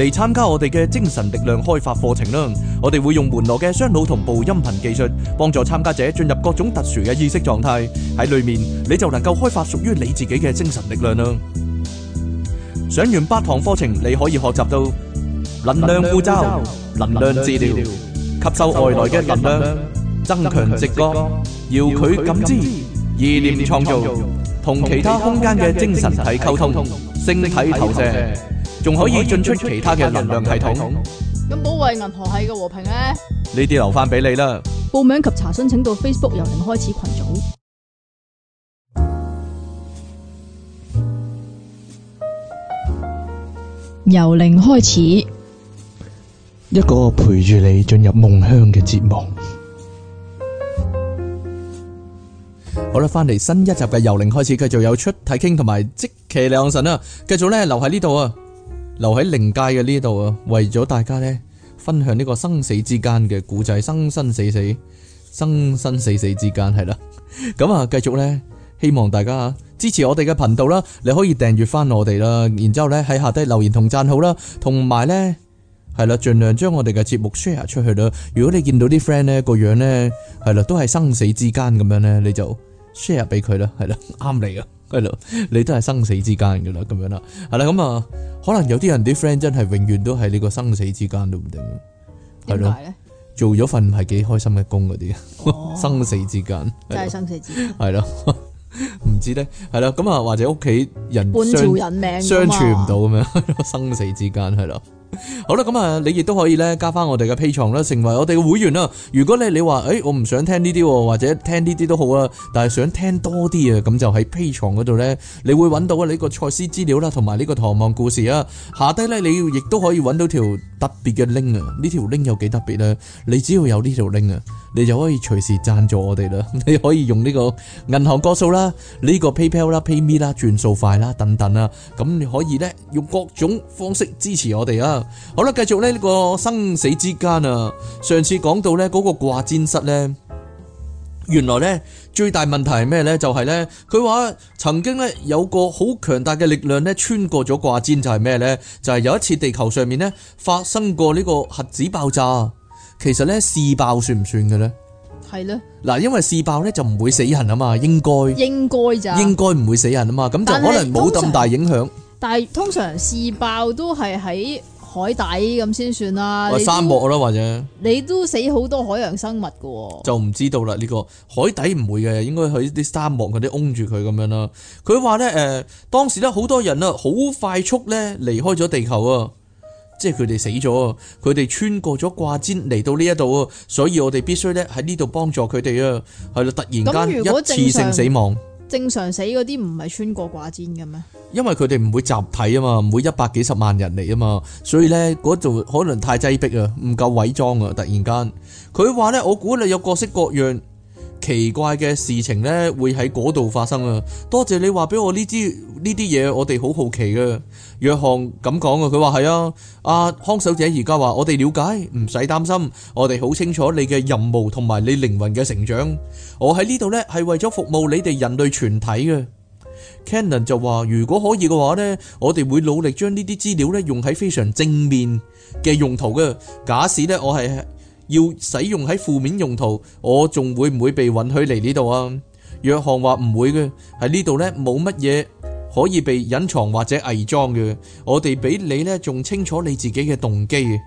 嚟參加我哋嘅精神力量開發課程啦！我哋會用門羅嘅雙腦同步音頻技術，幫助參加者進入各種特殊嘅意識狀態。喺裡面你就能夠開發屬於你自己嘅精神力量啦！上完八堂課程，你可以學習到能量護罩、能量治療、吸收外來嘅能量、增強直覺、遙距感知、意念創造、同其他空間嘅精神體溝通、星體投射。仲可以進出其他嘅能量系統。咁保衛銀河系嘅和平咧？呢啲留翻俾你啦。報名及查詢請到 Facebook 由零開始群組，由零開始一個陪住你進入夢鄉嘅節目。 好啦，翻嚟新一集嘅由零開始，繼續有出體傾同埋積奇兩神啊！繼續咧留喺呢度啊！留喺靈界嘅呢度啊，為咗大家呢分享呢個生死之間嘅古仔，生生死死、生生死死之間係啦。咁啊， 繼續呢，希望大家啊支持我哋嘅頻道啦，你可以訂閱翻我哋啦，然之後呢喺下低留言同讚好啦，同埋呢，係啦，盡量將我哋嘅節目 share 出去啦。如果你見到啲 friend 呢個樣呢，係啦，都係生死之間咁樣呢，你就 share 俾佢啦，係啦，啱你啊。係咯，你都係生死之間噶啦，咁樣啦，係啦，咁啊，可能有啲人啲 friend 真係永遠都係呢個生死之間都唔定。點解咧？做咗份係幾開心嘅工嗰啲，哦、生死之間就係生死之間係啦，唔知咧，係啦，咁啊，或者屋企人半條人命，相處唔到咁樣，生死之間係啦。好啦，咁啊，你亦都可以咧加翻我哋嘅 P 床啦，成為我哋嘅會員啦。如果咧你話誒、欸，我唔想聽呢啲，或者聽呢啲都好啊，但係想聽多啲啊，咁就喺 P 床嗰度咧，你會揾到呢個賽詩資料啦，同埋呢個唐望故事啊。下低咧你要亦都可以揾到條特別嘅 link 啊，條呢條 link 有幾特別咧？你只要有呢條 link 啊。你就可以隨時贊助我哋啦， 你可以用呢個銀行個數啦，呢個 PayPal 啦、PayMe 啦、轉數快啦等等啦，咁你可以呢，用各種方式支持我哋啊。好啦，繼續呢個生死之間啊，上次講到呢嗰個掛氈室呢，原來呢最大問題係咩呢？就係呢，佢話曾經呢有個好強大嘅力量呢穿過咗掛氈，就係咩呢？就係有一次地球上面呢發生過呢個核子爆炸。其實咧試爆算唔算嘅咧？係咧呢，嗱，因為試爆咧就唔會死人啊嘛，應該應該咋？應該唔會死人啊嘛，咁是就可能冇咁大影響。但係通常試爆都係喺海底咁先算啦，沙、哦、都漠啦或者你都死好多海洋生物噶、哦，就唔知道啦。呢、這個海底唔會嘅，應該喺啲沙漠嗰啲擁住佢咁樣啦。佢話咧，誒、呃，當時咧好多人啊，好快速咧離開咗地球啊。即係佢哋死咗，佢哋穿過咗掛氈嚟到呢一度，所以我哋必須咧喺呢度幫助佢哋啊。係啦，突然間一次性死亡，正常，正常死嗰啲唔係穿過掛氈嘅咩？因為佢哋唔會集體啊嘛，唔會一百幾十萬人嚟啊嘛，所以咧嗰度可能太擠逼啊，唔夠偽裝啊。突然間，佢話咧，我估你有各式各樣。奇怪嘅事情咧，會喺嗰度發生啊！多謝你話俾我呢啲呢啲嘢，我哋好好奇啊！約翰咁講啊，佢話係啊，阿看守者而家話，我哋了解，唔使擔心，我哋好清楚你嘅任務同埋你靈魂嘅成長。我喺呢度咧係為咗服務你哋人類全體嘅。Cannon 就話，如果可以嘅話咧，我哋會努力將呢啲資料咧用喺非常正面嘅用途嘅。假使咧，我係。要使用喺負面用途，我仲會唔會被允許嚟呢度啊？約翰話唔會嘅，喺呢度呢，冇乜嘢可以被隱藏或者偽裝嘅。我哋比你呢，仲清楚你自己嘅動機嘅。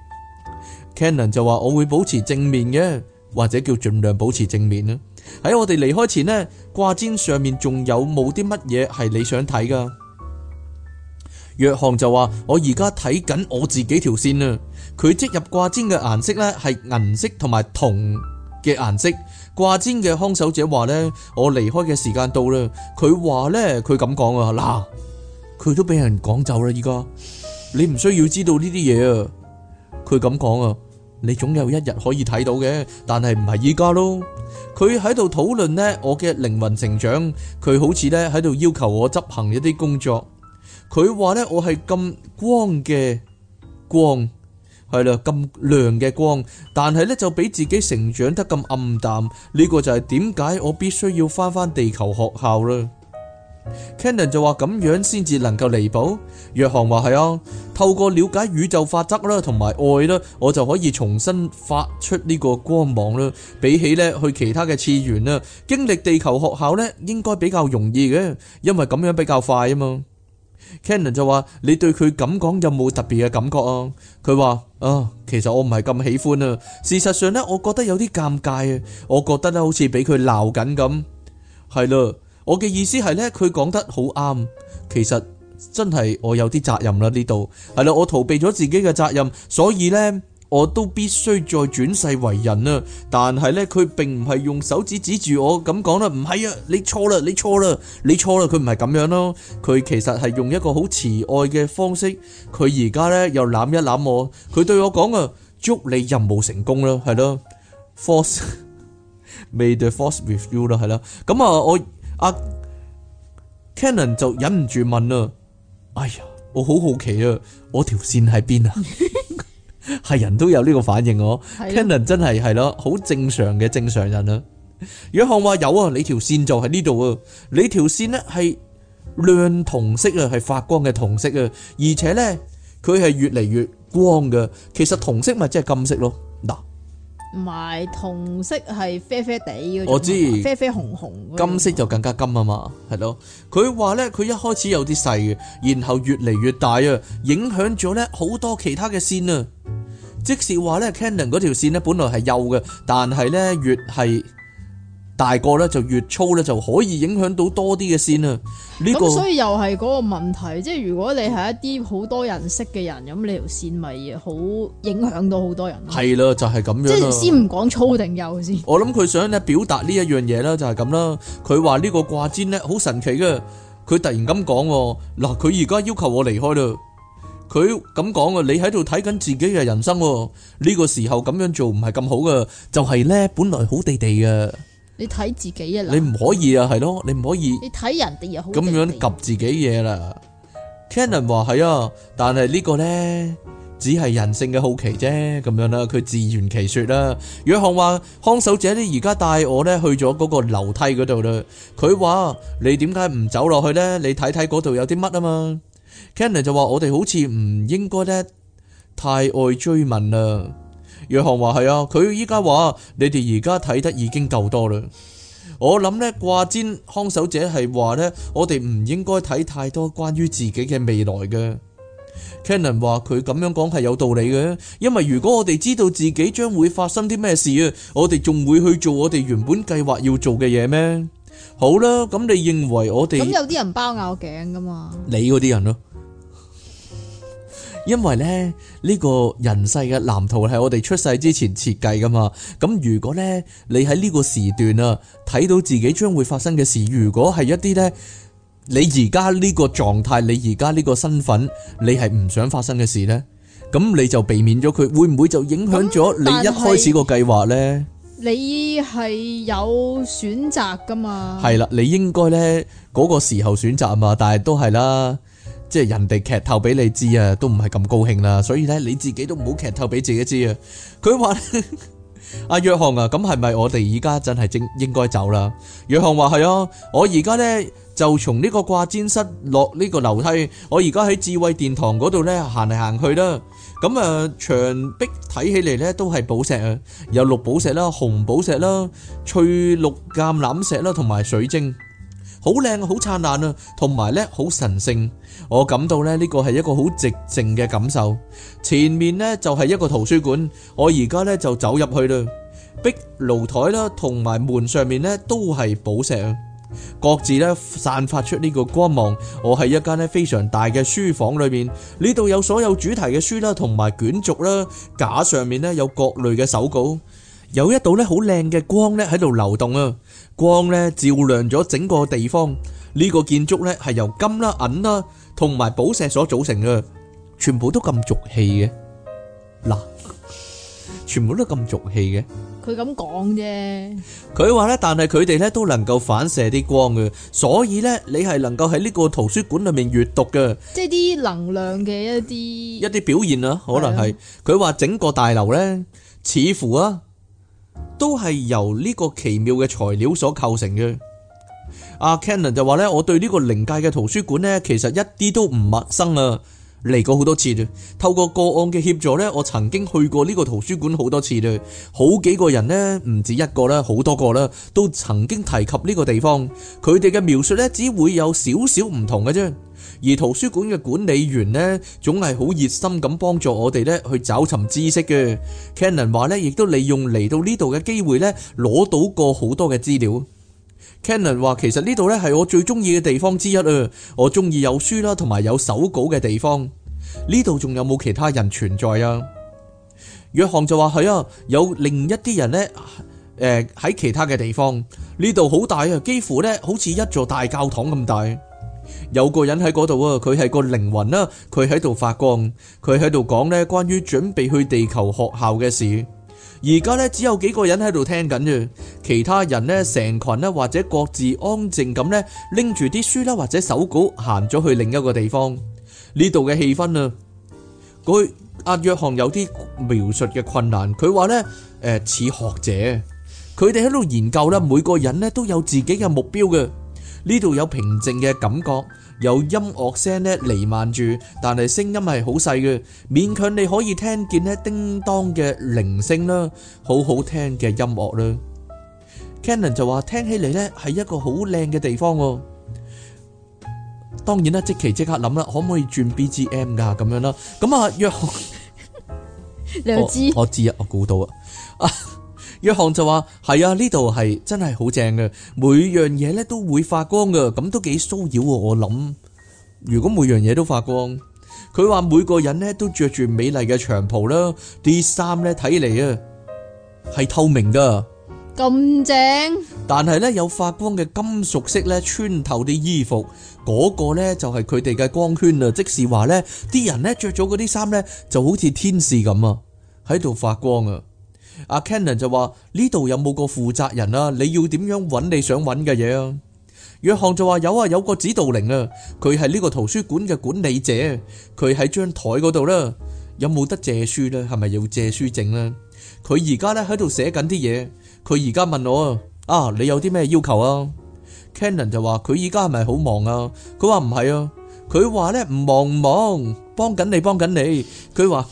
Cannon 就話我會保持正面嘅，或者叫盡量保持正面啦。喺我哋離開前呢，掛毯上面仲有冇啲乜嘢係你想睇噶？約翰就話我而家睇緊我自己條線啊。佢即入掛針嘅顏色呢，係銀色同埋銅嘅顏色。掛針嘅看守者話呢，我離開嘅時間到啦。佢話呢，佢咁講啊，嗱、啊，佢都俾人趕走啦。而家你唔需要知道呢啲嘢啊。佢咁講啊，你總有一日可以睇到嘅，但係唔係依家咯。佢喺度討論呢，我嘅靈魂成長。佢好似呢，喺度要求我執行一啲工作。佢話呢，我係咁光嘅光。係啦，咁亮嘅光，但係呢就比自己成長得咁暗淡，呢個就係點解我必須要翻翻地球學校啦。Cannon 就話咁樣先至能夠彌補。約翰話係啊，透過了解宇宙法則啦，同埋愛啦，我就可以重新發出呢個光芒啦。比起呢去其他嘅次元啦，經歷地球學校呢應該比較容易嘅，因為咁樣比較快啊嘛。Cannon 就話：你對佢咁講有冇特別嘅感覺啊？佢話：啊、呃，其實我唔係咁喜歡啊。事實上呢，我覺得有啲尷尬啊。我覺得咧，好似俾佢鬧緊咁。係啦，我嘅意思係呢，佢講得好啱。其實真係我有啲責任啦，呢度係啦，我逃避咗自己嘅責任，所以呢。我都必須再轉世為人啊！但係咧，佢並唔係用手指指住我咁講啦，唔係啊，你錯啦，你錯啦，你錯啦！佢唔係咁樣咯，佢其實係用一個好慈愛嘅方式。佢而家咧又攬一攬我，佢對我講啊，祝你任務成功啦，係咯，force, may the force with you 啦，係啦。咁啊，我阿 Cannon 就忍唔住問啊，哎呀，我好好奇啊，我條線喺邊啊？係人都有呢個反應，我 Canon 真係係咯，好正常嘅正常人啊。若翰話有啊，你條線就喺呢度啊，你條線咧係亮銅色啊，係發光嘅銅色啊，而且咧佢係越嚟越光嘅。其實銅色咪即係金色咯，嗱。埋銅色係啡啡地，我知，啡啡紅紅。金色就更加金啊嘛，係咯。佢話呢，佢一開始有啲細嘅，然後越嚟越大啊，影響咗呢好多其他嘅線啊。即是話呢 Canon 嗰條線咧本來係幼嘅，但係呢，越係，大個咧就越粗咧就可以影響到多啲嘅線啦。咁所以又係嗰個問題，即係如果你係一啲好多人識嘅人，咁你條線咪好影響到好多人。係啦，就係、是、咁樣、啊。即係先唔講粗定幼先。我諗佢想咧表達呢一樣嘢、啊、啦，就係咁啦。佢話呢個掛針咧好神奇嘅，佢突然咁講嗱，佢而家要求我離開啦。佢咁講啊，你喺度睇緊自己嘅人生呢、呢個時候咁樣做唔係咁好嘅，就係、是、咧本來好地地嘅。你睇自己啊，你唔可以啊，係咯，你唔可以你。你睇人哋又好，咁樣及自己嘢啦。Cannon 話係啊，但係呢個呢，只係人性嘅好奇啫，咁樣啦，佢自圓其說啦。約翰話，看守者咧，而家帶我呢去咗嗰個樓梯嗰度啦。佢話，你點解唔走落去呢？你睇睇嗰度有啲乜啊嘛。Cannon 就話，我哋好似唔應該咧，太愛追問啦。約翰話係啊，佢依家話你哋而家睇得已經夠多啦。我諗呢掛尖看守者係話呢，我哋唔應該睇太多關於自己嘅未來嘅。Cannon 話佢咁樣講係有道理嘅，因為如果我哋知道自己將會發生啲咩事啊，我哋仲會去做我哋原本計劃要做嘅嘢咩？好啦，咁你認為我哋咁有啲人包咬頸噶嘛？你嗰啲人咯。因為呢呢個人世嘅藍圖係我哋出世之前設計噶嘛，咁如果呢，你喺呢個時段啊睇到自己將會發生嘅事，如果係一啲呢，你而家呢個狀態，你而家呢個身份，你係唔想發生嘅事呢，咁你就避免咗佢，會唔會就影響咗你一開始個計劃呢？但係你係有選擇噶嘛？係啦，你應該呢嗰個時候選擇啊嘛，但係都係啦。即係人哋劇透俾你知啊，都唔係咁高興啦。所以咧，你自己都唔好劇透俾自己知啊。佢話阿約翰啊，咁係咪我哋而家真係正應該走啦？約翰話係啊，我而家咧就從呢個掛氈室落呢個樓梯，我而家喺智慧殿堂嗰度咧行嚟行去啦。咁啊，牆壁睇起嚟咧都係寶石啊，有綠寶石啦、紅寶石啦、翠綠橄欖石啦，同埋水晶。好靚好燦爛啊，同埋咧好神聖，我感到咧呢個係一個好寂靜嘅感受。前面呢就係一個圖書館，我而家咧就走入去啦。壁爐台啦，同埋門上面呢都係寶石，各自咧散發出呢個光芒。我喺一間咧非常大嘅書房裏面，呢度有所有主題嘅書啦，同埋卷軸啦，架上面呢有各類嘅手稿，有一道咧好靚嘅光咧喺度流動啊。光咧照亮咗整個地方，呢個建築咧係由金啦、銀啦同埋寶石所組成嘅，全部都咁俗氣嘅。嗱，全部都咁俗氣嘅。佢咁講啫。佢話咧，但係佢哋咧都能夠反射啲光嘅，所以咧你係能夠喺呢個圖書館裏面閱讀嘅。即係啲能量嘅一啲一啲表現啊，可能係佢話整個大樓咧，似乎啊。都係由呢個奇妙嘅材料所構成嘅。阿 Kennan 就話呢，我對呢個靈界嘅圖書館呢，其實一啲都唔陌生啊，嚟過好多次啊。透過個案嘅協助呢，我曾經去過呢個圖書館好多次啦。好幾個人呢，唔止一個啦，好多個啦，都曾經提及呢個地方。佢哋嘅描述呢，只會有少少唔同嘅啫。而圖書館嘅管理員呢，總係好熱心咁幫助我哋呢去找尋知識嘅。Cannon 話呢，亦都利用嚟到呢度嘅機會呢，攞到過好多嘅資料。Cannon 話其實呢度呢，係我最中意嘅地方之一啊！我中意有書啦，同埋有手稿嘅地方。呢度仲有冇其他人存在啊？約翰就話係啊，有另一啲人呢，誒喺其他嘅地方。呢度好大啊，幾乎呢，好似一座大教堂咁大。有個人喺嗰度啊，佢係個靈魂啦，佢喺度發光，佢喺度講呢關於準備去地球學校嘅事。而家呢只有幾個人喺度聽緊啫，其他人呢成群呢或者各自安靜咁呢拎住啲書啦，或者手稿行咗去另一個地方。呢度嘅氣氛啊，佢阿約翰有啲描述嘅困難。佢話呢誒似學者，佢哋喺度研究呢，每個人呢都有自己嘅目標嘅。呢度有平靜嘅感覺。有音樂聲咧，瀰漫住，但係聲音係好細嘅，勉強你可以聽見咧叮噹嘅鈴聲啦，好好聽嘅音樂啦。Canon 就話聽起嚟咧係一個好靚嘅地方喎。當然啦，即期即刻諗啦，可唔可以轉 BGM 噶咁樣啦？咁啊約好，我知啊，我估到啊。約翰就話：係啊，呢度係真係好正嘅，每樣嘢咧都會發光噶，咁都幾騷擾我諗。如果每樣嘢都發光，佢話每個人咧都着住美麗嘅長袍啦，啲衫咧睇嚟啊係透明噶，咁正。但係咧有發光嘅金屬色咧穿透啲衣服，嗰、嗰個咧就係佢哋嘅光圈啊。即是話咧，啲人咧着咗嗰啲衫咧就好似天使咁啊，喺度發光啊。阿 Kenan 就話，呢度有冇個負責人啊？你要點樣揾你想揾嘅嘢啊？約翰就話有啊，有個指導靈啊，佢係呢個圖書館嘅管理者，佢喺張台嗰度啦。有冇得借書呢？係咪要借書證呢？佢而家咧喺度寫緊啲嘢。佢而家問我啊，你有啲咩要求啊？Kenan 就話，佢而家係咪好忙啊？佢話唔係啊，佢話咧唔忙唔忙，幫緊你幫緊你。佢話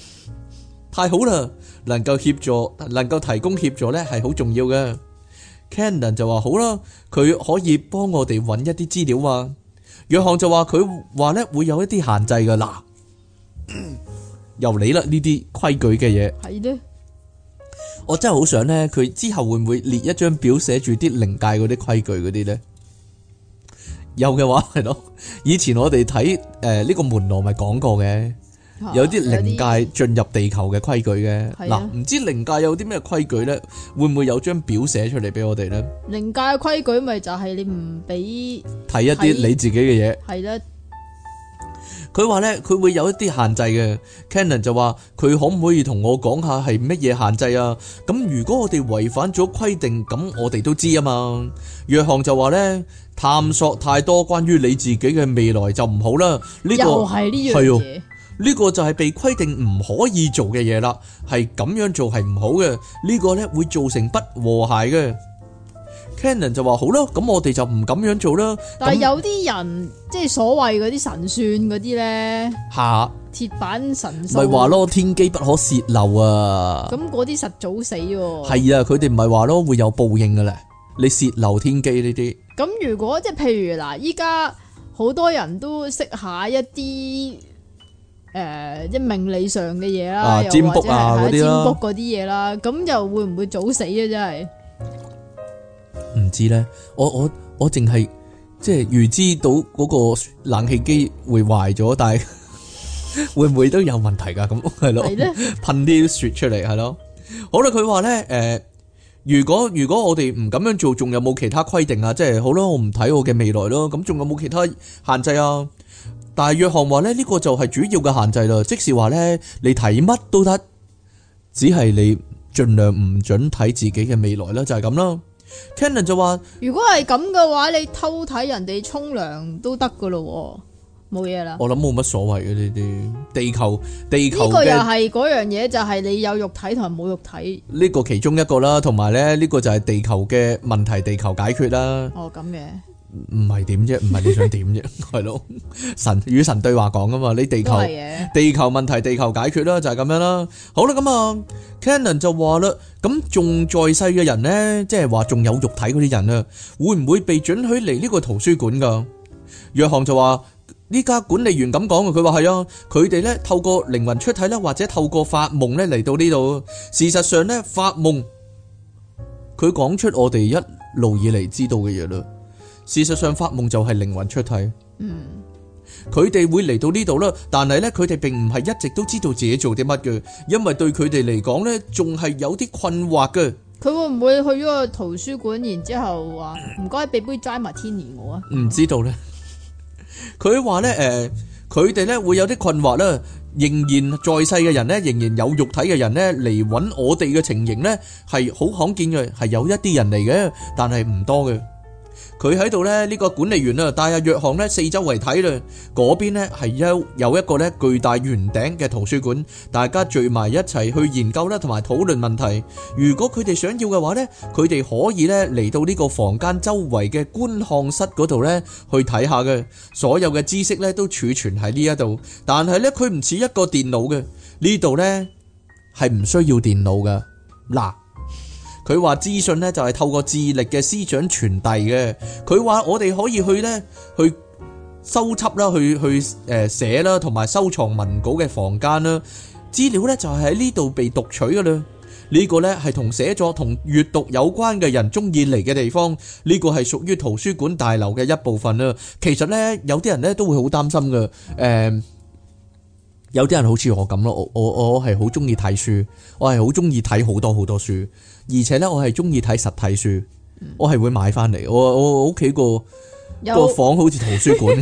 太好啦。能夠協助、能夠提供協助咧，係好重要嘅。Candon 就話好啦，佢可以幫我哋揾一啲資料嘛、啊。約翰就話佢話咧會有一啲限制嘅嗱，由你啦呢啲規矩嘅嘢。係的我真係好想呢，佢之後會唔會列一張表寫住啲靈界嗰啲規矩嗰啲呢？有嘅話係咯，以前我哋睇誒呢個門羅咪講過嘅。有啲靈界進入地球嘅規矩嘅，嗱的，唔知靈界有啲咩規矩呢？會唔會有張表寫出嚟俾我哋呢？靈界嘅規矩咪就係你唔俾睇一啲你自己嘅嘢。係啦的，佢話呢，佢會有一啲限制嘅。Cannon 就話佢可唔可以同我講下係乜嘢限制啊？咁如果我哋違反咗規定，咁我哋都知啊嘛。約翰就話呢，探索太多關於你自己嘅未來就唔好啦。呢、呢個係呢樣嘢。呢個就係被規定唔可以做嘅嘢啦，係咁樣做係唔好嘅。呢個呢會造成不和諧嘅。Canon 就話好啦，咁我哋就唔咁樣做啦。但係有啲人即係所謂嗰啲神算嗰啲呢，嚇鐵板神算，係話咯，天機不可洩漏啊。咁嗰啲實早死喎。係啊，佢哋唔係話咯，會有報應噶啦。你洩漏天機呢啲咁，如果即係譬如嗱，依家好多人都識下一啲。誒，一命理上嘅嘢啦，又或者係占卜嗰啲嘢啦，咁又會唔會早死啊？真係唔知咧，我我我淨係即係預知到嗰個冷氣機會壞咗，但係會唔會都有問題噶？咁係咯，噴啲雪出嚟係咯。好啦，佢話咧，誒，如果如果我哋唔咁樣做，仲有冇其他規定啊？即係好咯，我唔睇我嘅未來咯。咁仲有冇其他限制啊？但係約翰話咧，呢、這個就係主要嘅限制啦。即使話咧，你睇乜都得，只係你盡量唔准睇自己嘅未來啦，就係咁啦。Cannon 就話：如果係咁嘅話，你偷睇人哋沖涼都得噶咯，冇嘢啦。我諗冇乜所謂嘅，呢啲地球地球，呢個又係嗰樣嘢，就係、是、你有肉體同埋冇肉體。呢個其中一個啦，同埋咧，呢、這個就係地球嘅問題，地球解決啦。哦，咁嘅。唔係點啫，唔係你想點啫，係咯？神與神對話講啊嘛，你地球地球問題，地球解決啦，就係、是、咁樣啦。好啦，咁啊，Cannon 就話啦，咁仲在世嘅人呢，即係話仲有肉體嗰啲人啊，會唔會被准許嚟呢個圖書館噶？約翰就話，呢家管理員咁講嘅，佢話係啊，佢哋呢透過靈魂出體啦，或者透過發夢呢嚟到呢度。事實上呢，發夢，佢講出我哋一路以嚟知道嘅嘢嘞。」事實上，發夢就係靈魂出體。嗯，佢哋會嚟到呢度啦，但係咧，佢哋並唔係一直都知道自己做啲乜嘅，因為對佢哋嚟講咧，仲係有啲困惑嘅。佢會唔會去咗個圖書館，然之後話唔該俾杯摘麥天尼我啊？唔知道咧。佢話咧，誒，佢哋咧會有啲困惑啦，仍然在世嘅人咧，仍然有肉體嘅人咧嚟揾我哋嘅情形咧，係好罕見嘅，係有一啲人嚟嘅，但係唔多嘅。佢喺度咧，呢個管理員啦，帶下約翰咧，四周圍睇啦。嗰邊咧係有有一個咧巨大圓頂嘅圖書館，大家聚埋一齊去研究啦，同埋討論問題。如果佢哋想要嘅話咧，佢哋可以咧嚟到呢個房間周圍嘅觀看室嗰度咧去睇下嘅。所有嘅知識咧都儲存喺呢一度，但係咧佢唔似一個電腦嘅，呢度咧係唔需要電腦嘅嗱。佢話資訊呢就係透過智力嘅思想傳遞嘅。佢話我哋可以去呢，去收集啦，去去誒寫啦，同埋收藏文稿嘅房間啦。資料呢就係喺呢度被讀取噶啦。呢個呢係同寫作同閱讀有關嘅人中意嚟嘅地方。呢個係屬於圖書館大樓嘅一部分啦。其實呢，有啲人呢都會好擔心噶。誒，有啲人好似我咁咯，我我我係好中意睇書，我係好中意睇好多好多書。而且咧，我係中意睇實體書，嗯、我係會買翻嚟。我我屋企個有個房好似圖書館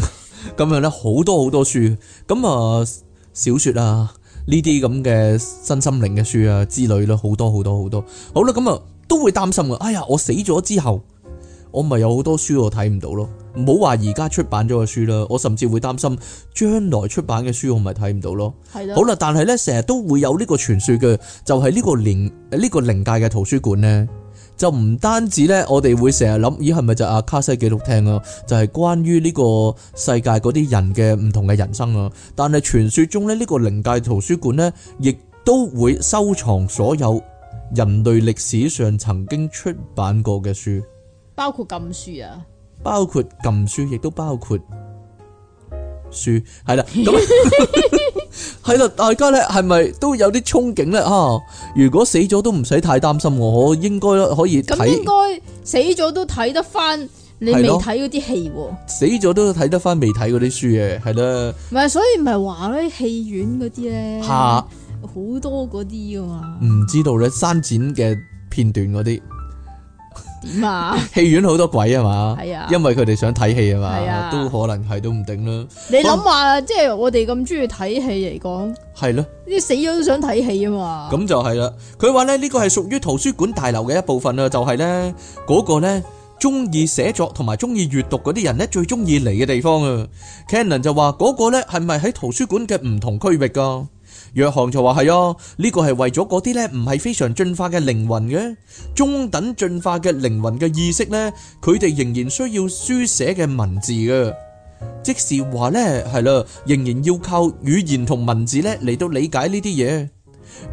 咁 樣咧，好多好多書，咁啊小說啊呢啲咁嘅新心靈嘅書啊之類啦，好多好多好多。好啦，咁啊都會擔心啊。哎呀，我死咗之後。我咪有好多書我睇唔到咯，唔好話而家出版咗嘅書啦。我甚至會擔心將來出版嘅書我，我咪睇唔到咯。好啦，但係呢，成日都會有呢個傳說嘅，就係、是、呢個靈呢、這個靈界嘅圖書館呢。就唔單止呢，我哋會成日諗咦，係咪就阿卡西記錄聽啊？就係、是、關於呢個世界嗰啲人嘅唔同嘅人生啊。但係傳說中呢，呢、這個靈界圖書館呢，亦都會收藏所有人類歷史上曾經出版過嘅書。包括禁書啊！包括禁書，亦都包括書，係啦。咁係啦，大家咧係咪都有啲憧憬咧？啊，如果死咗都唔使太擔心我，我應該可以睇。咁應該死咗都睇得返你未睇嗰啲戲，了死咗都睇得返未睇嗰啲書嘅、啊，係啦。唔係，所以唔係話咧，戲院嗰啲咧，吓好、啊、多嗰啲噶嘛？唔知道咧刪剪嘅片段嗰啲。點啊？戲 院好多鬼係嘛？啊、因為佢哋想睇戲啊嘛，都可能係都唔定啦。你諗話，嗯、即係我哋咁中意睇戲嚟講，係咯的，啲死咗都想睇戲啊嘛。咁就係啦。佢話咧呢個係屬於圖書館大樓嘅一部分啊，就係咧嗰個咧中意寫作同埋中意閱讀嗰啲人咧最中意嚟嘅地方啊。Cannon 就話嗰個咧係咪喺圖書館嘅唔同區域噶？約翰就話係啊，呢個係為咗嗰啲呢唔係非常進化嘅靈魂嘅中等進化嘅靈魂嘅意識呢，佢哋仍然需要書寫嘅文字嘅，即是話呢，係啦，仍然要靠語言同文字呢嚟到理解呢啲嘢。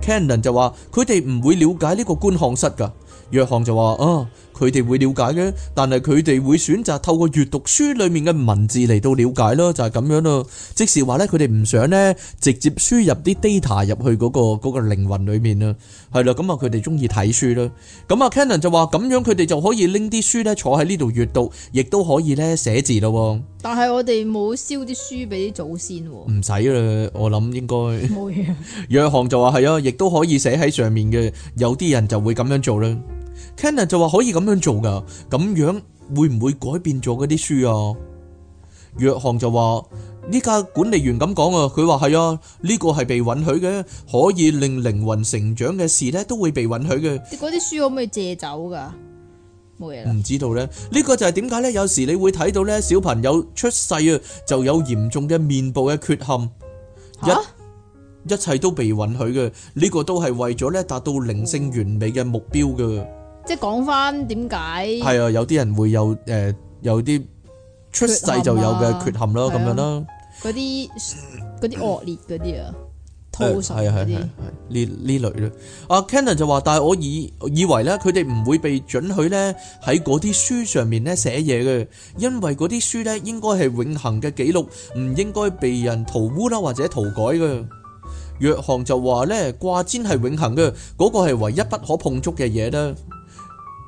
Cannon 就話佢哋唔會了解呢個觀看室噶，約翰就話啊。佢哋會了解嘅，但係佢哋會選擇透過閲讀書裡面嘅文字嚟到了解咯，就係、是、咁樣咯、就是。即係話咧，佢哋唔想咧，直接輸入啲 data 入去嗰、那個嗰、那個、靈魂裡面啊，係啦，咁啊，佢哋中意睇書啦。咁啊，Cannon 就話咁樣，佢哋就可以拎啲書咧坐喺呢度閲讀，亦都可以咧寫字咯。但係我哋冇燒啲書俾啲祖先喎。唔使啦，我諗應該冇嘢。若航就話係啊，亦都可以寫喺 上面嘅，有啲人就會咁樣做啦。Kenna 就話可以咁樣做噶，咁樣會唔會改變咗嗰啲書啊？約翰就話呢家管理員咁講啊，佢話係啊，呢個係被允許嘅，可以令靈魂成長嘅事呢都會被允許嘅。嗰啲書可唔可以借走噶？冇嘢。唔知道呢，呢、這個就係點解呢？有時你會睇到呢，小朋友出世啊，就有嚴重嘅面部嘅缺陷，啊、一一切都被允許嘅，呢、這個都係為咗呢，達到靈性完美嘅目標嘅。即係講返點解係啊？有啲人會有誒有啲出世就有嘅缺陷啦，咁樣啦。嗰啲嗰啲惡劣嗰啲啊，偷術嗰啲，呢呢類咧。阿 Kenon 就話：但係我以以為咧，佢哋唔會被准許咧喺嗰啲書上面咧寫嘢嘅，因為嗰啲書咧應該係永恆嘅記錄，唔應該被人塗污啦或者塗改嘅。約翰就話咧：掛纖係永恆嘅，嗰個係唯一不可碰觸嘅嘢啦。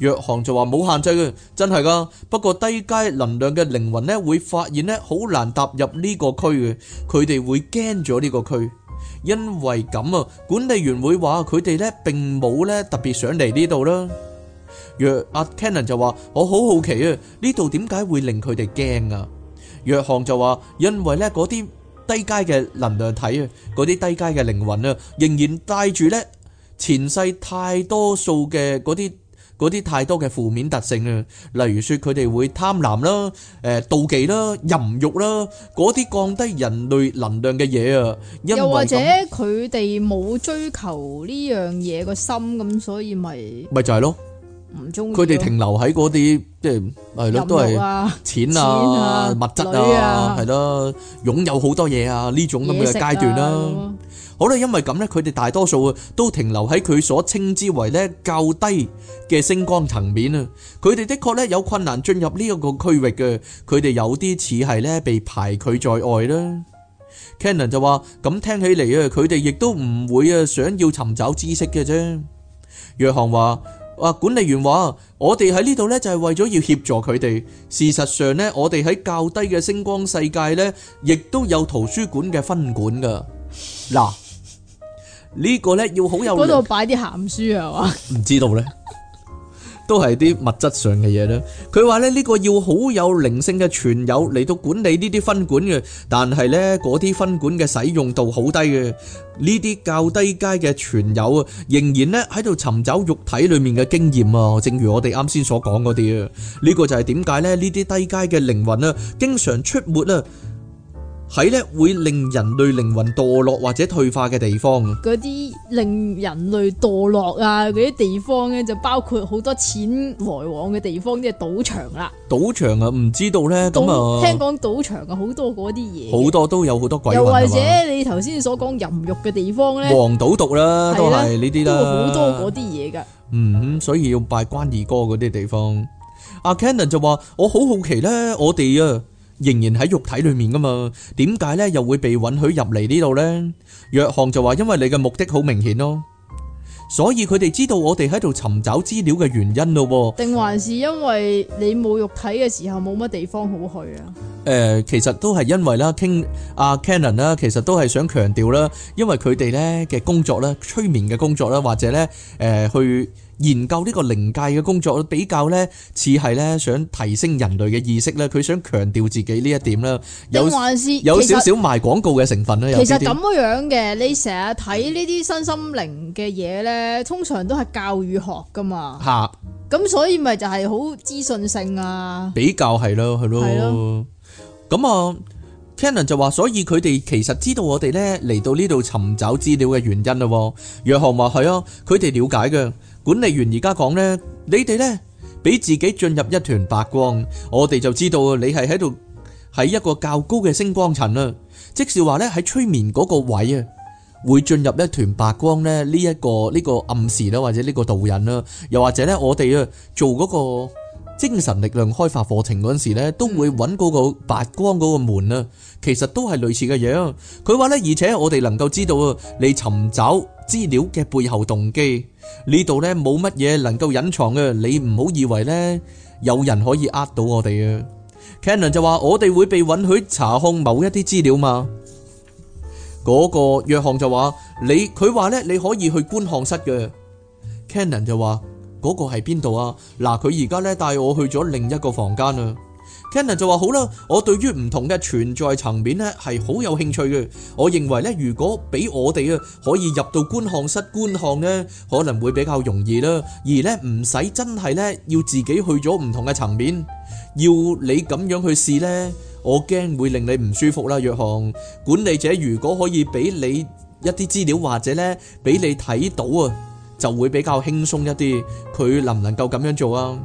約翰就話冇限制嘅，真係㗎。不過低階能量嘅靈魂咧，會發現咧好難踏入呢個區嘅，佢哋會驚咗呢個區，因為咁啊，管理員會話佢哋咧並冇咧特別想嚟呢度啦。若阿 Kenon 就話：我好好奇啊，呢度點解會令佢哋驚啊？約翰就話：因為咧嗰啲低階嘅能量體啊，嗰啲低階嘅靈魂啊，仍然帶住咧前世太多數嘅嗰啲。嗰啲太多嘅負面特性啊，例如説佢哋會貪婪啦、誒、呃、妒忌啦、淫欲啦，嗰啲降低人類能量嘅嘢啊。又或者佢哋冇追求呢樣嘢個心，咁所以咪咪就係咯。唔中佢哋停留喺嗰啲，即係係咯，都係錢啊、物質啊，係咯，擁有好多嘢啊呢種咁嘅階段啦。好啦，因為咁咧，佢哋大多數啊都停留喺佢所稱之為咧較低嘅星光層面啊。佢哋的確咧有困難進入呢一個區域嘅，佢哋有啲似係咧被排拒在外啦。Cannon 就話咁聽起嚟啊，佢哋亦都唔會啊，想要尋找知識嘅啫。約翰話。啊！管理員話：我哋喺呢度呢，就係為咗要協助佢哋。事實上呢，我哋喺較低嘅星光世界呢，亦都有圖書館嘅分館噶。嗱，呢個呢，要好有，嗰度擺啲鹹書係嘛？唔知道呢。 都係啲物質上嘅嘢啦。佢話咧呢個要好有靈性嘅存有嚟到管理呢啲分館嘅，但係呢，嗰啲分館嘅使用度好低嘅。呢啲較低階嘅存有啊，仍然呢喺度尋找肉體裏面嘅經驗啊。正如我哋啱先所講嗰啲啊，呢個就係點解咧呢啲低階嘅靈魂啊經常出沒啊。喺咧會令人類靈魂墮落或者退化嘅地方，嗰啲令人類墮落啊嗰啲地方咧就包括好多錢來往嘅地方，即係賭場啦。賭場啊，唔知道咧咁啊。聽講賭場啊，好多嗰啲嘢，好多都有好多鬼，又或者你頭先所講淫辱嘅地方咧，黃賭毒啦，都係呢啲啦，啊、都好多嗰啲嘢噶。嗯，所以要拜關二哥嗰啲地方。阿 k e n n e n Kennan 就話：我好好奇咧，我哋啊。仍然喺肉體裡面㗎嘛？點解咧又會被允許入嚟呢度咧？約翰就話：因為你嘅目的好明顯咯，所以佢哋知道我哋喺度尋找資料嘅原因咯。定還是因為你冇肉體嘅時候冇乜地方好去啊？誒，其實都係因為啦，傾阿 Cannon 啦，其實都係想強調啦，因為佢哋咧嘅工作咧，催眠嘅工作啦，或者咧誒去。研究呢個靈界嘅工作比較咧，似係咧想提升人類嘅意識咧，佢想強調自己呢一點啦。有還是有少少賣廣告嘅成分咧？其實咁樣嘅，你成日睇呢啲身心靈嘅嘢咧，通常都係教育學噶嘛。嚇！咁所以咪就係好資訊性啊？比較係咯，係咯。係咯。咁啊，Cannon 就話，所以佢哋其實知道我哋咧嚟到呢度尋找資料嘅原因咯。約翰話：係啊，佢哋瞭解嘅。管理員而家講呢，你哋呢，俾自己進入一團白光，我哋就知道你係喺度喺一個較高嘅星光層啦。即是話呢，喺催眠嗰個位啊，會進入一團白光呢，這個，呢一個呢個暗示啦，或者呢個導引啦，又或者呢，我哋啊做嗰個精神力量開發課程嗰陣時咧，都會揾嗰個白光嗰個門啊，其實都係類似嘅樣。佢話呢，而且我哋能夠知道啊，你尋找資料嘅背後動機。呢度呢冇乜嘢能夠隱藏嘅，你唔好以為呢有人可以呃到我哋啊。Cannon 就話我哋會被允許查控某一啲資料嘛？嗰個約翰就話你，佢話呢你可以去觀看室嘅。Cannon 就話嗰個係邊度啊？嗱，佢而家呢帶我去咗另一個房間啊。Kenan 就話：好啦，我對於唔同嘅存在層面咧係好有興趣嘅。我認為咧，如果俾我哋啊可以入到觀看室觀看咧，可能會比較容易啦。而咧唔使真係咧要自己去咗唔同嘅層面，要你咁樣去試咧，我驚會令你唔舒服啦。約翰，管理者如果可以俾你一啲資料或者咧俾你睇到啊，就會比較輕鬆一啲。佢能唔能夠咁樣做啊？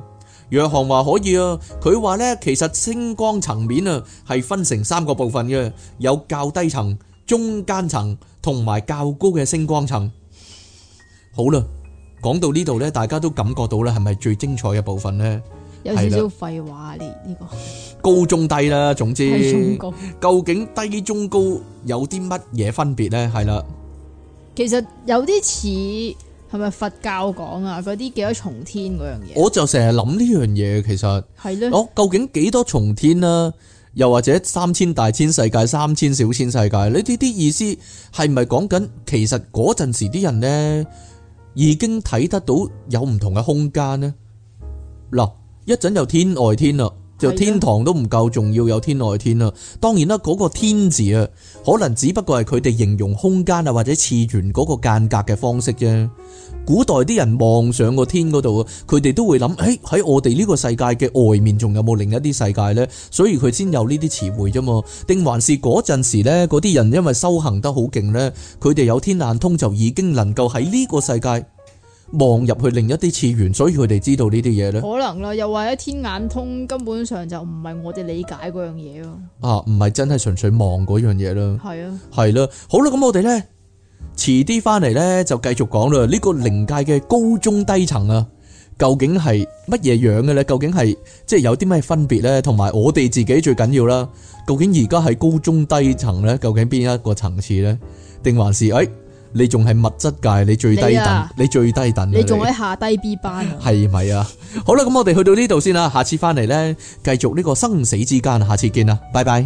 楊航話可以啊，佢話咧，其實星光層面啊係分成三個部分嘅，有較低層、中間層同埋較高嘅星光層。好啦，講到呢度咧，大家都感覺到咧，係咪最精彩嘅部分呢？有少少廢話呢，呢個高中低啦，總之高。究竟低中高有啲乜嘢分別呢？係啦，其實有啲似。係咪佛教講啊？嗰啲幾多重天嗰樣嘢？我就成日諗呢樣嘢，其實，係哦，究竟幾多重天啊？又或者三千大千世界、三千小千世界呢？呢啲意思係咪講緊？其實嗰陣時啲人呢，已經睇得到有唔同嘅空間呢？嗱，一陣又天外天啦，啊。就天堂都唔夠，仲要有天外天啦。當然啦，嗰個天字啊，可能只不過係佢哋形容空間啊或者次元嗰個間隔嘅方式啫。古代啲人望上個天嗰度，佢哋都會諗：誒，喺我哋呢個世界嘅外面，仲有冇另一啲世界呢？」所以佢先有呢啲詞彙啫嘛。定還是嗰陣時呢，嗰啲人因為修行得好勁呢，佢哋有天眼通就已經能夠喺呢個世界。望入去另一啲次元，所以佢哋知道呢啲嘢咧。可能啦，又或者天眼通根本上就唔係我哋理解嗰樣嘢咯。啊，唔係真係純粹望嗰樣嘢啦。係啊，係啦。好啦，咁我哋咧，遲啲翻嚟咧就繼續講啦。呢個靈界嘅高中低層啊，究竟係乜嘢樣嘅咧？究竟係即係有啲咩分別咧？同埋我哋自己最緊要啦。究竟而家係高中低層咧？究竟邊一個層次咧？定還是誒？哎你仲係物質界，你最低等，你啊，你最低等。你仲喺下低 B 班啊？係咪啊？ 好啦，咁我哋去到呢度先啦，下次翻嚟咧，繼續呢個生死之間，下次見啦，拜拜。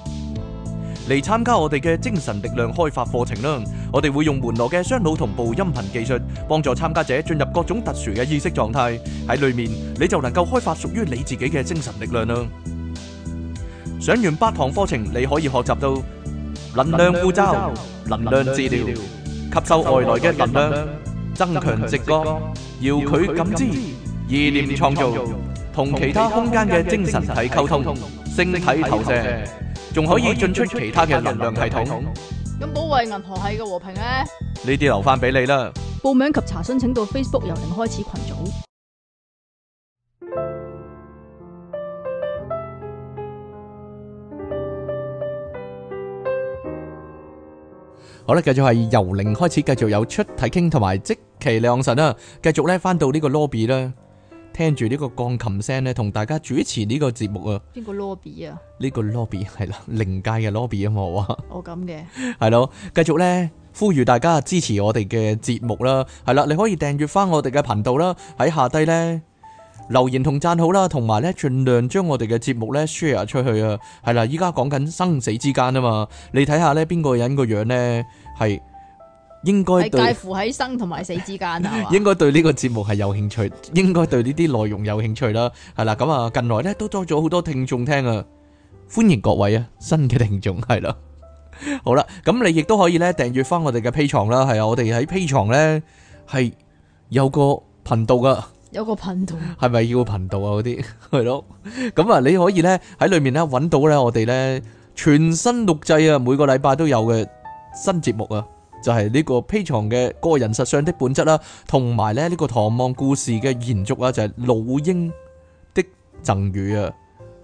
嚟參加我哋嘅精神力量開發課程啦！我哋會用門羅嘅雙腦同步音頻技術，幫助參加者進入各種特殊嘅意識狀態。喺裏面你就能夠開發屬於你自己嘅精神力量啦！上完八堂課程，你可以學習到能量護罩、能量治療、吸收外來嘅能量、增強直覺、遙距感知、意念創造、同其他空間嘅精神體溝通星體投射，仲可以進出其他嘅能量系統。咁保衛銀河系嘅和平咧？呢啲留翻俾你啦。報名及查詢，請到 Facebook 由零開始群組。好啦，繼續係由零開始，繼續有出體傾同埋即其亮神啦，繼續咧翻到呢個 lobby 啦。聽住呢個鋼琴聲咧，同大家主持呢個節目啊。邊個 Lobby 啊？呢個 Lobby 係啦，靈界嘅 Lobby 啊我話。我咁嘅。係咯，繼續咧呼籲大家支持我哋嘅節目啦。係啦，你可以訂閱翻我哋嘅頻道啦。喺下低咧留言同讚好啦，同埋咧盡量將我哋嘅節目咧 share 出去啊。係啦，依家講緊生死之間啊嘛。你睇下咧邊個人個樣咧係。應該介乎喺生同埋死之間啊！應該對呢個節目係有興趣，應該對呢啲內容有興趣啦。係啦，咁啊，近來咧都多咗好多聽眾聽啊！歡迎各位啊，新嘅聽眾。係啦，好啦，咁你亦都可以咧訂閱返我哋嘅 Patreon 啦，係啊，我哋喺 Patreon 咧係有個頻道噶，有個頻道係咪叫頻道啊？嗰啲係咯，咁啊，你可以咧喺裏面咧搵到咧我哋咧全新錄製啊，每個禮拜都有嘅新節目啊！就係呢個披藏嘅個人實相的本質啦、啊，同埋咧呢個唐望故事嘅延續啊，就係、是、老鷹的贈語啊，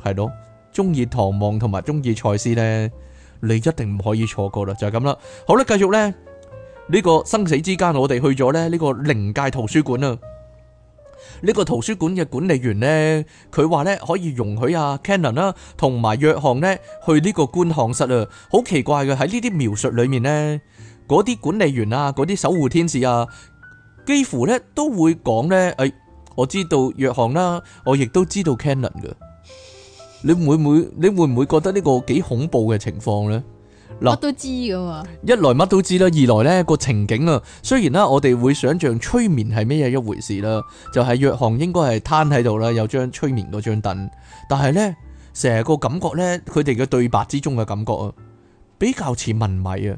係咯，鍾意唐望同埋鍾意賽斯呢，你一定唔可以錯過啦，就係咁啦。好啦，繼續呢。呢、這個生死之間，我哋去咗咧呢個靈界圖書館啊，呢、這個圖書館嘅管理員呢，佢話呢可以容許阿、啊、Cannon 啦，同埋約翰呢去呢個觀看室啊，好奇怪嘅喺呢啲描述裏面呢。嗰啲管理員啊，嗰啲守護天使啊，幾乎咧都會講咧，誒、哎，我知道約翰啦，我亦都知道 Canon 噶，你會唔會？你會唔會覺得呢個幾恐怖嘅情況呢？嗱，乜都知噶嘛，一來乜都知啦，二來呢個情景啊，雖然啦，我哋會想象催眠係咩嘢一回事啦，就係約翰應該係攤喺度啦，有張催眠嗰張凳，但係呢，成個感覺呢，佢哋嘅對白之中嘅感覺啊，比較似問米啊。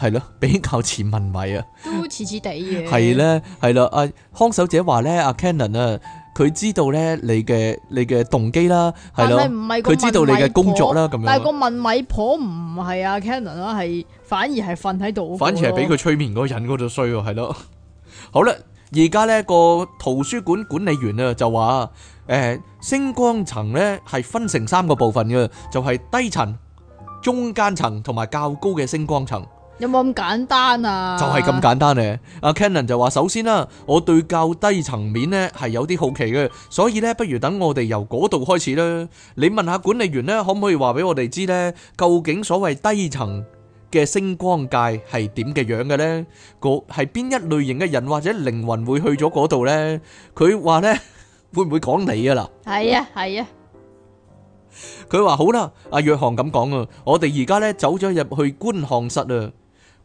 係咯，比較似問米啊，都似似哋嘅。係咧，係啦，阿康守姐話咧，阿、啊、Cannon 啊，佢知道咧你嘅你嘅動機啦，係咯，佢知道你嘅工作啦，咁樣。但係個問米婆唔係啊，Cannon 啊，係反而係瞓喺度。反而係俾佢催眠嗰人嗰度衰喎，係咯。 好啦，而家咧個圖書館管理員啊就話誒、呃，星光層咧係分成三個部分嘅，就係、是、低層、中間層同埋較高嘅星光層。有冇咁簡單啊？就係咁簡單嘅。阿 Cannon 就話：首先啦，我對較低層面咧係有啲好奇嘅，所以咧不如等我哋由嗰度開始啦。你問下管理員咧，可唔可以話俾我哋知咧？究竟所謂低層嘅星光界係點嘅樣嘅咧？個係邊一類型嘅人或者靈魂會去咗嗰度咧？佢話咧會唔會講你啊啦？係啊係啊。佢話好啦，阿約翰咁講啊，我哋而家咧走咗入去觀看室啊。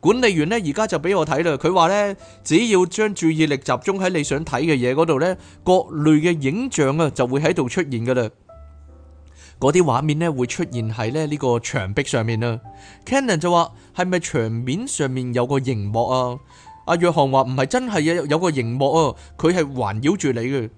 管理員呢而家就俾我睇啦，佢話呢，只要將注意力集中喺你想睇嘅嘢嗰度，呢各類嘅影像啊就會喺度出現噶啦。嗰啲畫面呢會出現喺呢呢個牆壁上面啊。Cannon 就話係咪牆面上面有個熒幕啊？阿約翰話唔係真係有有個熒幕啊，佢係環繞住你嘅。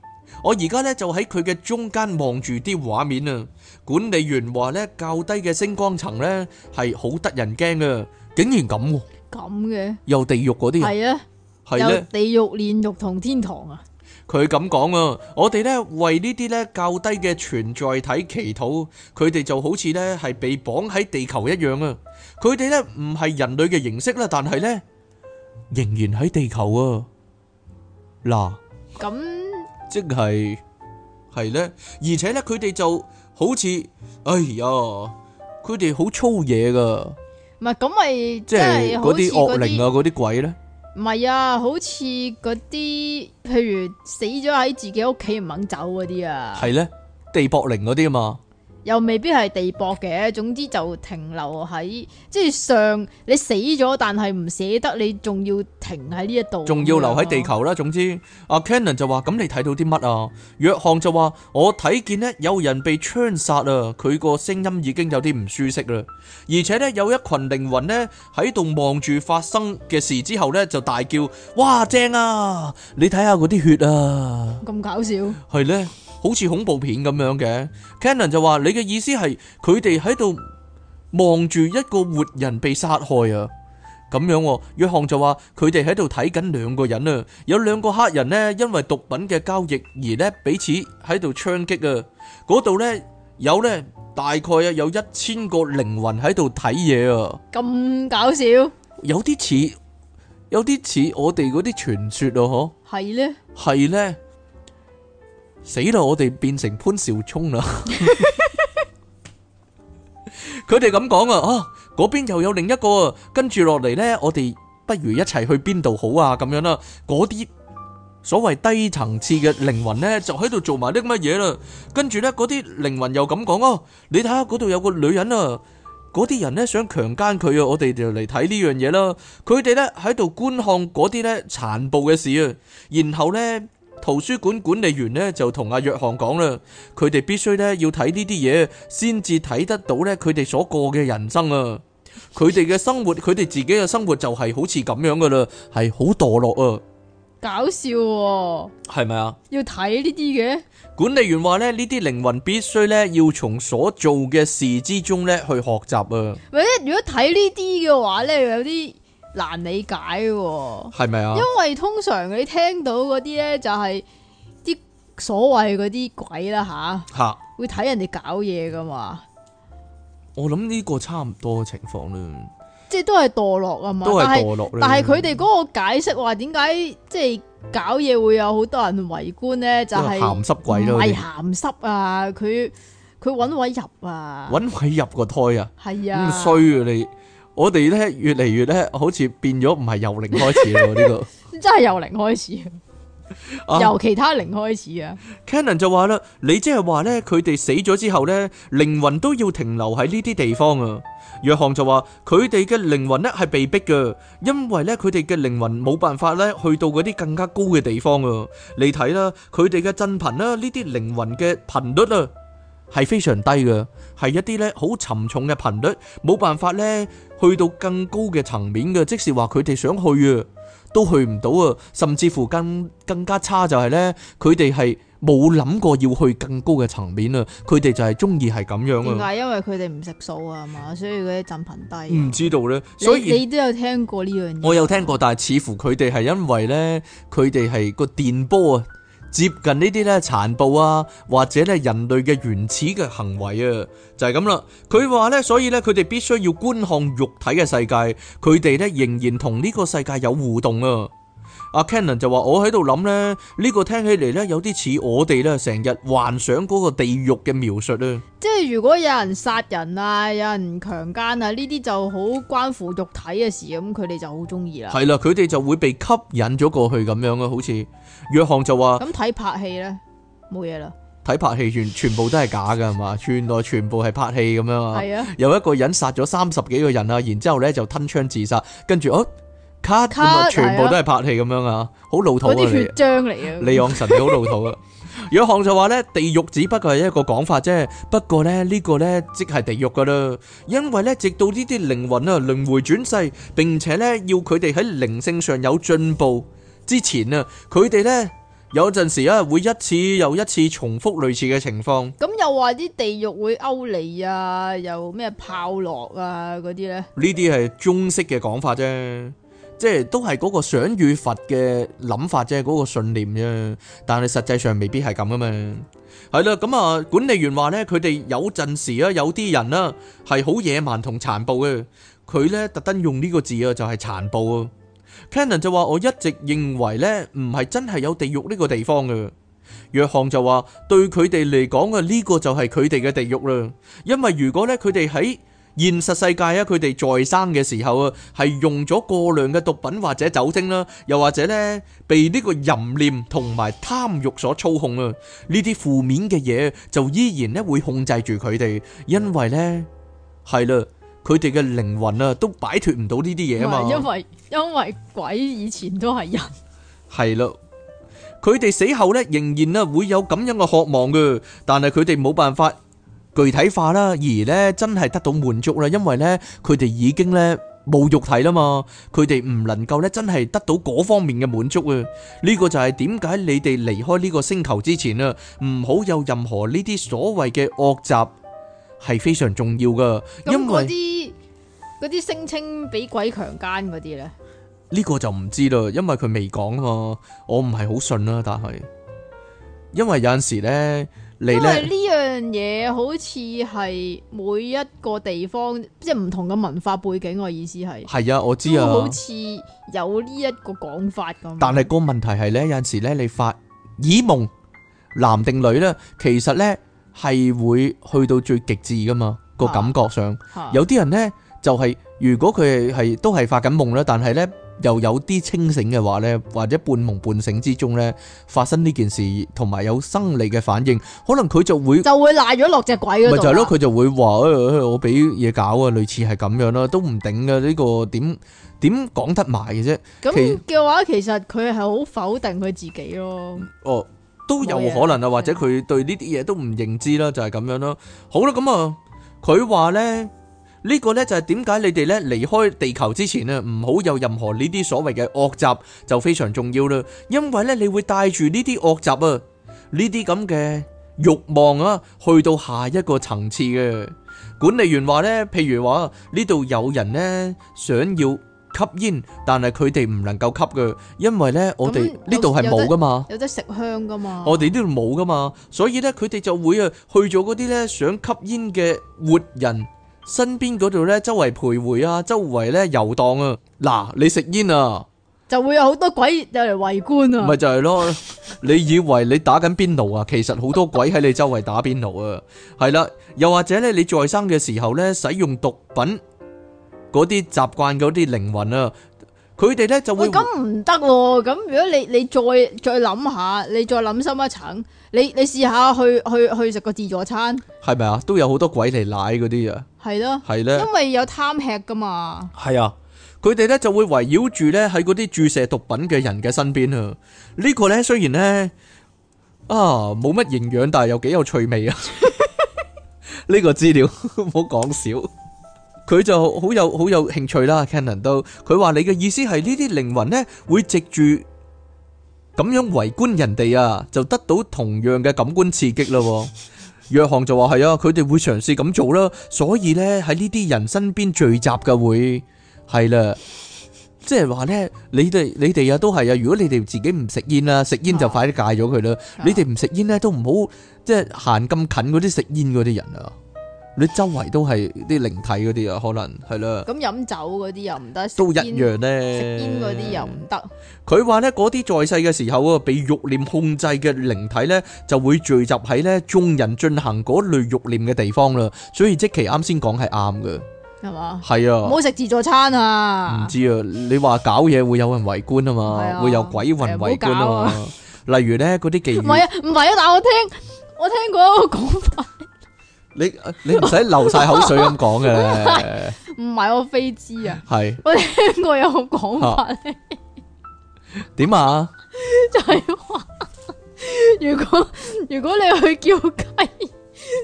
我而家呢就喺佢嘅中間望住啲畫面啊。管理員話呢較低嘅星光層呢係好得人驚啊，竟然咁。咁嘅，有地獄嗰啲係啊，係啊，有地獄煉獄同天堂啊，佢咁講啊，我哋咧為呢啲咧較低嘅存在體祈禱，佢哋就好似咧係被綁喺地球一樣啊，佢哋咧唔係人類嘅形式啦，但係咧仍然喺地球啊，嗱，咁即係係咧，而且咧佢哋就好似，哎呀，佢哋好粗野噶。唔係，咁咪即係嗰啲惡靈啊，嗰啲鬼咧？唔係啊，好似嗰啲，譬如死咗喺自己屋企唔肯走嗰啲啊。係咧，地縛靈嗰啲啊嘛。又未必係地搏嘅，總之就停留喺即係上你死咗，但係唔捨得，你仲要停喺呢一度，仲要留喺地球啦。總之，阿 Canon 就話：咁你睇到啲乜啊？約翰就話：我睇見呢有人被槍殺啊！佢個聲音已經有啲唔舒適啦，而且呢有一羣靈魂呢喺度望住發生嘅事之後呢就大叫：哇！正啊！你睇下嗰啲血啊！咁搞笑係呢。好似恐怖片咁樣嘅，Canon 就話，你嘅意思係佢哋喺度望住一個活人被殺害啊，咁樣。約翰就話佢哋喺度睇緊兩個人啊，有兩個黑人呢，因為毒品嘅交易而呢彼此喺度槍擊啊。嗰度呢，有呢大概啊有一千個靈魂喺度睇嘢啊。咁搞笑，有啲似，有啲似我哋嗰啲傳說啊，嗬。係呢？係呢？死啦！我哋變成潘兆聰啦！佢哋咁講啊，啊嗰邊又有另一個跟住落嚟咧，我哋不如一齊去邊度好啊？咁樣啦，嗰啲所謂低層次嘅靈魂咧，就喺度做埋啲乜嘢啦？跟住咧，嗰啲靈魂又咁講哦，你睇下嗰度有個女人啊，嗰啲人咧想強姦佢啊，我哋就嚟睇呢樣嘢啦。佢哋咧喺度觀看嗰啲咧殘暴嘅事啊，然後咧。圖書館管理員呢，就同阿約翰講啦，佢哋必須咧要睇呢啲嘢，先至睇得到咧佢哋所過嘅人生啊！佢哋嘅生活，佢哋自己嘅生活就係好似咁樣噶啦，係好墮落啊！搞笑喎，係咪啊？要睇呢啲嘅？管理員話咧呢啲靈魂必須咧要從所做嘅事之中咧去學習啊！唔係如果睇呢啲嘅話咧，有啲。難理解喎，係咪啊？因為通常你聽到嗰啲咧，就係啲所謂嗰啲鬼啦吓，會睇人哋搞嘢噶嘛。我諗呢個差唔多嘅情況啦，即係都係墮落啊嘛。都係墮落，但係佢哋嗰個解釋話點解即係搞嘢會有好多人圍觀咧，情就係鹹濕鬼咯，唔係鹹濕啊，佢佢揾位入啊，揾位入個胎啊，係啊，咁衰啊你。我哋咧越嚟越咧，好似變咗唔係由零開始咯，呢、這個 真係由零開始，啊、由其他零開始啊！Canon 就話啦，你即係話咧，佢哋死咗之後咧，靈魂都要停留喺呢啲地方啊！約翰就話，佢哋嘅靈魂咧係被逼噶，因為咧佢哋嘅靈魂冇辦法咧去到嗰啲更加高嘅地方啊！你睇啦，佢哋嘅震頻啦，呢啲靈魂嘅頻率啊。」係非常低嘅，係一啲咧好沉重嘅頻率，冇辦法咧去到更高嘅層面嘅，即使話佢哋想去啊，都去唔到啊，甚至乎更更加差就係、是、咧，佢哋係冇諗過要去更高嘅層面啊，佢哋就係中意係咁樣啊。點解？因為佢哋唔食素啊嘛，所以嗰啲振頻低。唔、嗯、知道咧，所以你都有聽過呢樣嘢。我有聽過，但係似乎佢哋係因為咧，佢哋係個電波啊。接近呢啲咧殘暴啊，或者咧人類嘅原始嘅行為啊，就係咁啦。佢話咧，所以咧佢哋必須要觀看肉體嘅世界，佢哋咧仍然同呢個世界有互動啊。阿 Canon 就話我喺度諗咧，呢個聽起嚟,咧有啲似我哋咧成日幻想嗰個地獄嘅描述咧。即係如果有人殺人啊，有人強姦啊，呢啲就好關乎肉體嘅事，咁佢哋就好中意啦。係啦，佢哋就會被吸引咗過去咁樣咯，好似約翰就話。咁睇拍戲咧，冇嘢啦。睇拍戲全全部都係假噶，係嘛？全部全部係拍戲咁樣啊。係啊，有一個人殺咗三十幾個人啊，然之後咧就吞槍自殺，跟住哦。啊卡全部都係拍戲咁樣啊，好老土啊！血漿嚟啊！你 李昂神都好老土啊！如果韓就話咧，地獄只不過係一個講法啫。不過咧，呢個咧即係地獄噶啦，因為咧直到呢啲靈魂啊輪回轉世，並且咧要佢哋喺靈性上有進步之前啊，佢哋咧有陣時啊會一次又一次重複類似嘅情況。咁又話啲地獄會勾脷啊，又咩炮烙啊嗰啲咧？呢啲係中式嘅講法啫。即係都係嗰個想與佛嘅諗法啫，嗰個信念啫。但係實際上未必係咁噶嘛。係啦，咁啊，管理員話呢，佢哋有陣時啊，有啲人啦係好野蠻同殘暴嘅。佢呢特登用呢個字啊，就係殘暴啊。Cannon 就話，我一直認為呢唔係真係有地獄呢個地方嘅。約翰就話，對佢哋嚟講嘅呢個就係佢哋嘅地獄啦，因為如果呢，佢哋喺現實世界啊，佢哋在生嘅時候啊，係用咗過量嘅毒品或者酒精啦，又或者咧，被呢個淫念同埋貪欲所操控啊，呢啲負面嘅嘢就依然咧，會控制住佢哋，因為咧係啦，佢哋嘅靈魂啊都擺脫唔到呢啲嘢啊嘛，因為因為鬼以前都係人，係咯，佢哋死後咧仍然咧會有咁樣嘅渴望㗎，但係佢哋冇辦法。具體化啦，而咧真係得到滿足啦，因為咧佢哋已經咧冇肉體啦嘛，佢哋唔能夠咧真係得到嗰方面嘅滿足啊！呢個就係點解你哋離開呢個星球之前啊，唔好有任何呢啲所謂嘅惡習係非常重要噶。因為嗰啲嗰啲聲稱俾鬼強姦嗰啲咧？呢個就唔知啦，因為佢未講啊嘛，我唔係好信啦，但係因為有陣時咧。因為呢樣嘢好似係每一個地方，即係唔同嘅文化背景，我意思係係啊，我知啊，好似有呢一個講法咁。但係個問題係咧，有陣時咧，你發耳夢男定女咧，其實咧係會去到最極致㗎嘛，個感覺上。有啲人咧就係如果佢係係都係發緊夢啦，但係咧，又有啲清醒嘅話咧，或者半夢半醒之中咧，發生呢件事，同埋有生理嘅反應，可能佢就會就會賴咗落隻鬼嗰度。咪就係咯，佢就會話：誒，我俾嘢搞啊，類似係咁樣咯，都唔頂嘅呢個點點講得埋嘅啫。咁嘅話，其實佢係好否定佢自己咯。哦，都有可能啊，或者佢對呢啲嘢都唔認知啦，就係咁樣咯。好啦，咁啊，佢話咧。呢個呢就係點解你哋呢離開地球之前呢唔好有任何呢啲所謂嘅惡習，就非常重要啦，因為呢你會帶住呢啲惡習啊，呢啲咁嘅欲望啊，去到下一個層次嘅。管理員話呢，譬如話呢度有人呢想要吸煙，但係佢哋唔能夠吸嘅，因為呢我哋呢度係冇噶嘛，有得食香噶嘛，我哋呢度冇噶嘛，所以呢佢哋就會啊去咗嗰啲呢想吸煙嘅活人。身邊嗰度呢，周圍徘徊啊，周圍呢遊蕩啊。嗱，你食煙啊，就會有好多鬼就嚟圍觀啊。咪就係咯， 你以為你打緊邊爐啊？其實好多鬼喺你周圍打邊爐啊。係啦， 又或者呢，你再生嘅時候呢，使用毒品嗰啲習慣嗰啲靈魂啊，佢哋呢就會。咁唔得喎！咁如果你你再再諗下，你再諗深一層，你你試下去去去食個自助餐，係咪啊？都有好多鬼嚟舐嗰啲啊！係咯，係咧，因為有貪吃噶嘛。係啊，佢哋咧就會圍繞住咧喺嗰啲注射毒品嘅人嘅身邊啊。呢個咧雖然咧啊冇乜營養，但係又幾有趣味啊。呢個資料唔好講笑，佢就好有好有興趣啦。Cannon 都，佢話你嘅意思係呢啲靈魂咧會藉住咁樣圍觀人哋啊，就得到同樣嘅感官刺激咯。約翰就話係啊，佢哋會嘗試咁做啦，所以咧喺呢啲人身邊聚集嘅會係啦，即係話咧，你哋你哋啊都係啊，如果你哋自己唔食煙啦，食煙就快啲戒咗佢啦，你哋唔食煙咧都唔好即係行咁近嗰啲食煙嗰啲人啊。啊你周圍都係啲靈體嗰啲啊，可能係咯。咁飲酒嗰啲又唔得，都一樣咧。食煙嗰啲又唔得。佢話咧，嗰啲在世嘅時候啊，被慾念控制嘅靈體咧，就會聚集喺咧眾人進行嗰類慾念嘅地方啦。所以即其啱先講係啱㗎，係嘛？係啊，唔好食自助餐啊！唔知啊，你話搞嘢會有人圍觀啊嘛，會有鬼魂圍觀啊。例如咧，嗰啲忌唔係啊？唔係啊！但我聽我聽過一個講法。你你唔使流晒口水咁講嘅唔係我非知啊，係是我聽過有好講法咧。點啊？啊 就係話如果如果你去叫雞，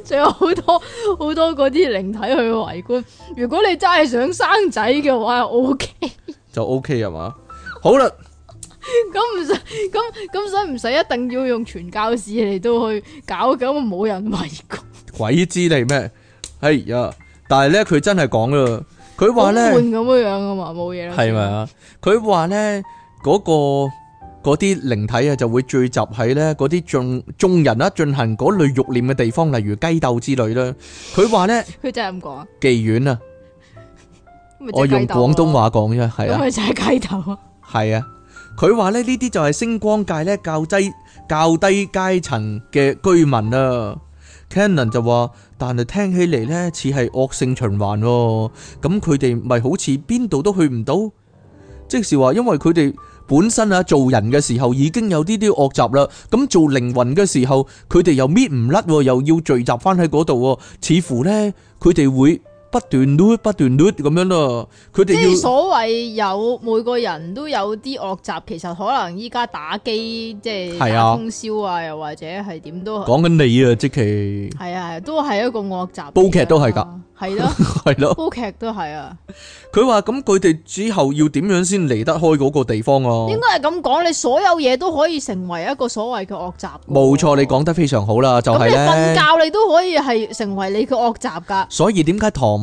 就有好多好多嗰啲靈體去圍觀。如果你真係想生仔嘅話，係 O K，就 O K 係嘛。好啦，咁唔使咁咁使唔使一定要用傳教士嚟到去搞，咁冇人圍觀。鬼之嚟咩？係啊，但係咧，佢真係講啦。佢話咧，好悶咁樣噶嘛，冇嘢。啦，係咪啊？佢話咧，嗰個嗰啲靈體啊，就會聚集喺咧嗰啲眾眾人啦，進行嗰類慾念嘅地方，例如雞竇之類啦。佢話咧，佢真係咁講啊。妓院啊，我用廣東話講啫，係啊。咪就係雞竇啊。係啊，佢話咧，呢啲就係星光界咧較低較低階層嘅居民啦。Canon 就話，但係聽起嚟呢似係惡性循環喎，哦，咁佢哋咪好似邊度都去唔到，即是話因為佢哋本身啊做人嘅時候已經有啲啲惡習啦，咁、嗯、做靈魂嘅時候佢哋又搣唔甩，又要聚集翻喺嗰度，似乎呢，佢哋會。不斷 lude 不斷 lude 咁樣咯，佢哋即係所謂有每個人都有啲惡習，其實可能依家打機即係通宵啊，又或者係點都講緊你啊，即係係啊，都係一個惡習，煲劇都係噶，係咯係咯煲劇都係啊。佢話，咁佢哋之後要點樣先離得開嗰個地方啊？應該係咁講，你所有嘢都可以成為一個所謂嘅惡習，冇錯，你講得非常好啦，就係咧瞓覺你都可以係成為你嘅惡習噶。所以點解唐？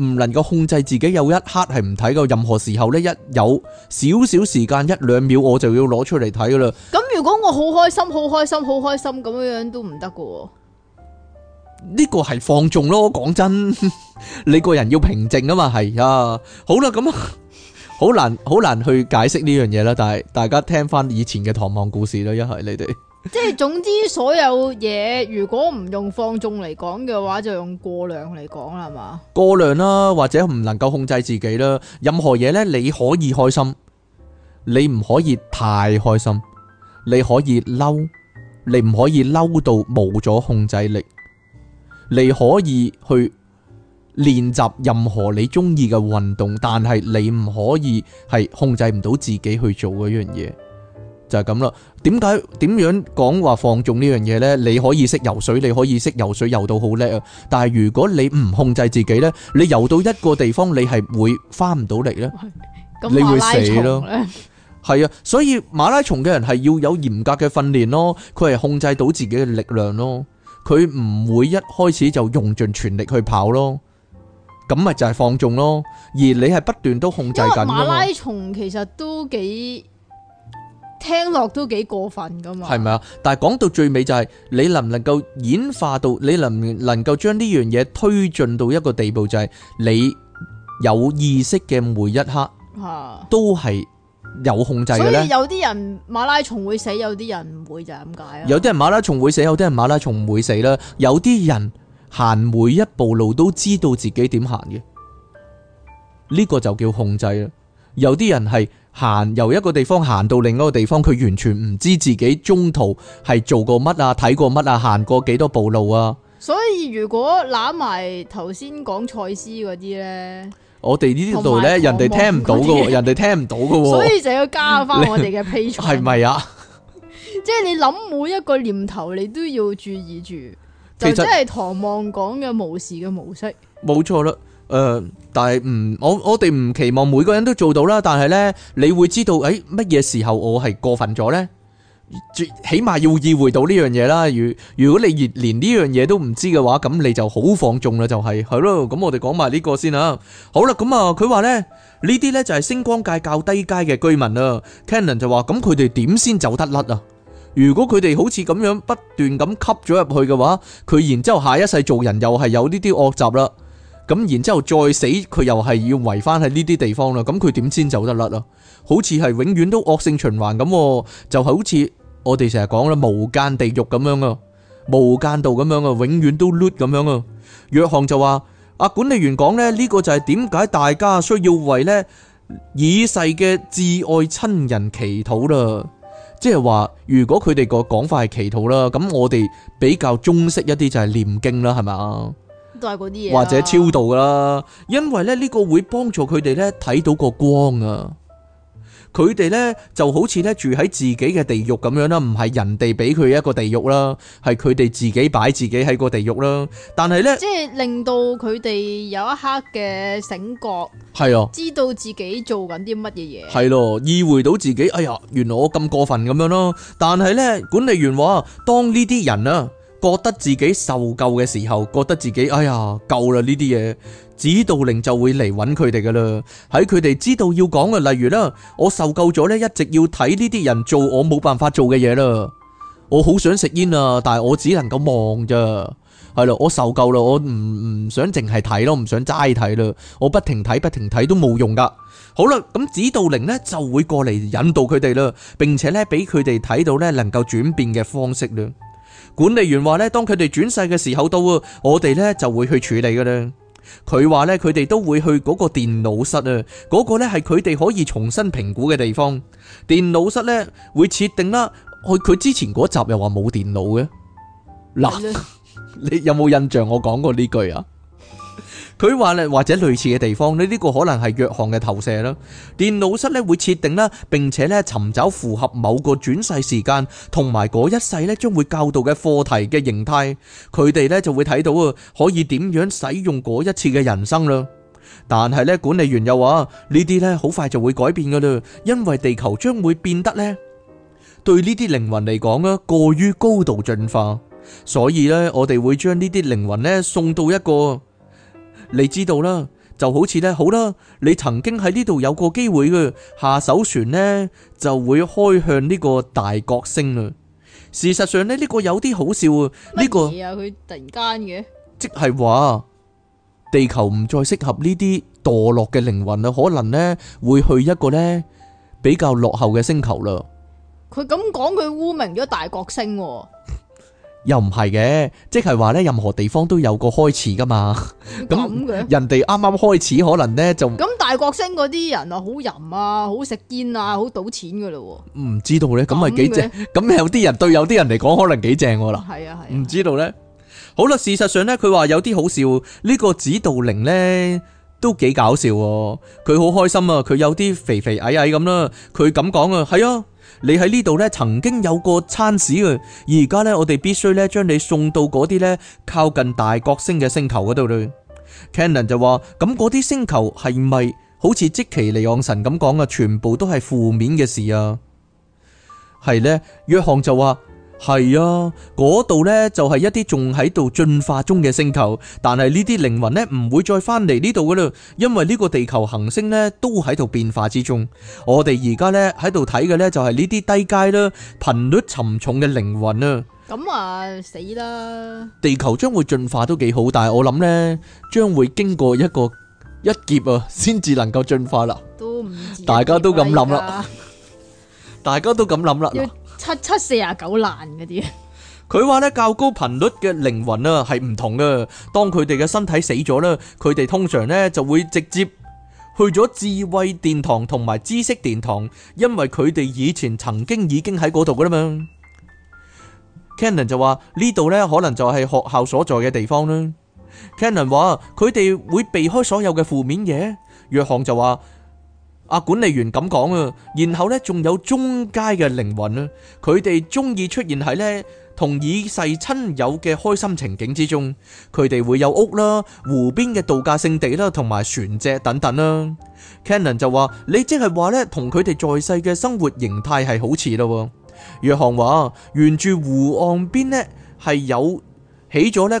唔能夠控制自己有一刻係唔睇嘅。任何時候呢，一有少少時間一兩秒，我就要攞出嚟睇噶啦。咁如果我好開心、好開心、好開心咁樣，樣都唔得嘅。呢個係放縱咯，講真，你個人要平靜啊嘛，係啊。好啦，咁啊，好難好難去解釋呢樣嘢啦。但係大家聽翻以前嘅《唐望故事》啦，一係你哋。即係總之所有嘢，如果唔用放縱嚟講嘅話，就用過量嚟講啦，係嘛？過量啦，或者唔能夠控制自己啦。任何嘢呢，你可以開心，你唔可以太開心。你可以嬲，你唔可以嬲到冇咗控制力。你可以去練習任何你中意嘅運動，但係你唔可以係控制唔到自己去做嗰樣嘢。就係咁啦。點解點樣講話放縱呢樣嘢呢？你可以識游水，你可以識游水游到好叻啊！但係如果你唔控制自己呢，你游到一個地方，你係會翻唔到嚟呢，你會死咯。係啊，所以馬拉松嘅人係要有嚴格嘅訓練咯，佢係控制到自己嘅力量咯，佢唔會一開始就用盡全力去跑咯。咁咪就係放縱咯，而你係不斷都控制緊啊嘛。馬拉松其實都幾。聽落都幾過分噶嘛？係咪啊？但係講到最尾就係你能唔能夠演化到，你能唔能夠將呢樣嘢推進到一個地步，就係你有意識嘅每一刻都係有控制嘅咧。所以有啲人馬拉松會死，有啲人唔會就係咁解咯。有啲人馬拉松會死，有啲人馬拉松唔會死啦。有啲人行每一步路都知道自己點行嘅，呢個就叫控制啦。有啲人係。行由一個地方行到另一個地方，佢完全唔知自己中途係做過乜啊，睇過乜啊，行過幾多步路啊。所以如果攬埋頭先講賽斯嗰啲呢，我哋呢度呢，人哋聽唔到嘅，些人哋聽唔到嘅，所以就要加翻我哋嘅 p i e 係咪啊？即係 你諗每一個念頭，你都要注意住，就即係唐望講嘅無事嘅模式。冇錯啦，誒。呃但係唔，我我哋唔期望每個人都做到啦。但係呢，你會知道，誒乜嘢時候我係過分咗呢？最起碼要意會到呢樣嘢啦。如如果你越連呢樣嘢都唔知嘅話，咁你就好放縱啦。就係係咯。咁我哋講埋呢個先啦。好啦，咁啊，佢話呢呢啲呢就係星光界較低階嘅居民啦。Cannon 就話，咁佢哋點先走得甩啊？如果佢哋好似咁樣不斷咁吸咗入去嘅話，佢然之後下一世做人又係有呢啲惡習啦。咁然之後再死佢又係要圍翻喺呢啲地方啦，咁佢點先走得甩啊？好似係永遠都惡性循環咁，就係好似我哋成日講啦，無間地獄咁樣啊，無間道咁樣啊，永遠都轆咁樣啊。約翰就話，啊管理員講咧，呢個就係點解大家需要為呢已逝嘅摯愛親人祈禱啦。即係話，如果佢哋個講法係祈禱啦，咁我哋比較中式一啲就係念經啦，係咪？代啲嘢，或者超度啦，因為咧呢個會幫助佢哋咧睇到個光啊。佢哋咧就好似咧住喺自己嘅地獄咁樣啦，唔係人哋俾佢一個地獄啦，係佢哋自己擺自己喺個地獄啦。但係咧，即係令到佢哋有一刻嘅醒覺，係啊，知道自己做緊啲乜嘢嘢，係咯，意會到自己，哎呀，原來我咁過分咁樣咯。但係咧，管理員話，當呢啲人啊。覺得自己受夠嘅時候，覺得自己哎呀夠啦呢啲嘢，指導靈就會嚟揾佢哋噶啦。喺佢哋知道要講嘅，例如啦，我受夠咗呢，一直要睇呢啲人做我冇辦法做嘅嘢啦。我好想食煙啊，但係我只能夠望咋。係啦，我受夠啦，我唔唔想淨係睇咯，唔想齋睇啦。我不停睇不停睇都冇用噶。好啦，咁指導靈呢就會過嚟引導佢哋啦，並且呢，俾佢哋睇到呢能夠轉變嘅方式啦。管理員話咧，當佢哋轉世嘅時候到，我哋咧就會去處理噶啦。佢話咧，佢哋都會去嗰個電腦室啊，嗰、嗰個咧係佢哋可以重新評估嘅地方。電腦室咧會設定啦，去佢之前嗰集又話冇電腦嘅，嗱， 你有冇印象我講過呢句啊？佢話咧，或者類似嘅地方，呢呢個可能係約項嘅投射啦。電腦室咧會設定啦，並且咧尋找符合某個轉世時間同埋嗰一世咧將會教導嘅課題嘅形態，佢哋咧就會睇到啊，可以點樣使用嗰一次嘅人生啦。但係咧管理員又話呢啲咧好快就會改變噶啦，因為地球將會變得咧對呢啲靈魂嚟講啊過於高度進化，所以咧我哋會將呢啲靈魂咧送到一個。你知道啦，就好似咧，好啦，你曾經喺呢度有過機會嘅下艘船呢就會開向呢個大角星啦。事實上咧，呢、這個有啲好笑，呢個乜嘢啊？佢、這個、突然間嘅，即係話地球唔再適合呢啲墮落嘅靈魂啦，可能咧會去一個呢比較落後嘅星球啦。佢咁講，佢污名咗大角星喎、啊。又唔係嘅，即係話咧，任何地方都有個開始噶嘛。咁樣 人哋啱啱開始，可能呢就咁大國星嗰啲人啊，好淫啊，好食煙啊，好賭錢噶啦、啊。唔知道呢，咁係幾正？咁有啲人對有啲人嚟講，可能幾正嗱、啊。係、嗯、啊係。唔、啊啊、知道呢。好啦，事實上呢，佢話有啲好笑，這個、呢個指導靈呢都幾搞笑，佢好開心啊，佢有啲肥肥矮矮咁啦，佢咁講啊，係啊。你喺呢度咧，曾經有過餐屎嘅，而家呢，我哋必須咧將你送到嗰啲呢靠近大角星嘅星球嗰度啦。Canon 就話：咁嗰啲星球係咪好似積奇尼昂神咁講嘅，全部都係負面嘅事啊？係呢，約翰就話。係啊，嗰度呢就係一啲仲喺度進化中嘅星球，但係呢啲靈魂呢唔會再翻嚟呢度噶啦，因為呢個地球行星呢都喺度變化之中。我哋而家呢喺度睇嘅呢就係呢啲低階啦、頻率沉重嘅靈魂啊。咁啊，死啦！地球將會進化都幾好，但係我諗呢，將會經過一個一劫啊，先至能夠進化啦。都唔大家都咁諗啦，大家都咁諗啦。七七四十九難嗰啲。佢話咧，較高頻率嘅靈魂啊，係唔同㗎，當佢哋嘅身體死咗咧，佢哋通常呢就會直接去咗智慧殿堂同埋知識殿堂，因為佢哋以前曾經已經喺嗰度噶啦嘛。Cannon 就話呢度呢可能就係學校所在嘅地方啦。Cannon 話佢哋會避開所有嘅負面嘢。約翰就話。啊！管理員咁講啊，然後呢仲有中階嘅靈魂啦，佢哋中意出現喺呢同已逝親友嘅開心情景之中，佢哋會有屋啦、湖邊嘅度假勝地啦、同埋船隻等等啦。Canon 就話：你即係話呢，同佢哋在世嘅生活形態係好似咯。約翰話：沿住湖岸邊呢係有起咗呢。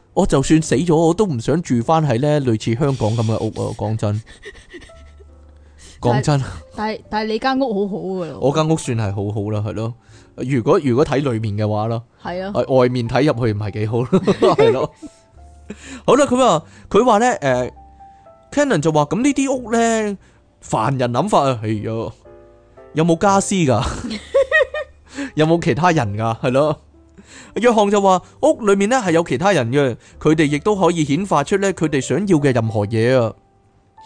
我就算死咗，我都唔想住翻喺咧類似香港咁嘅屋啊。講真，講真，但係但係你間屋好好噶，我間屋算係好好啦，係咯。如果如果睇裏面嘅話咯，係啊，喺外面睇入去唔係幾好，係咯。好啦，佢話佢話咧，誒，Cannon 就話咁呢啲屋咧，凡人諗法啊，係啊，有冇家私噶？有冇其他人噶？係咯。約翰就話屋裏面咧係有其他人嘅，佢哋亦都可以顯化出咧佢哋想要嘅任何嘢啊！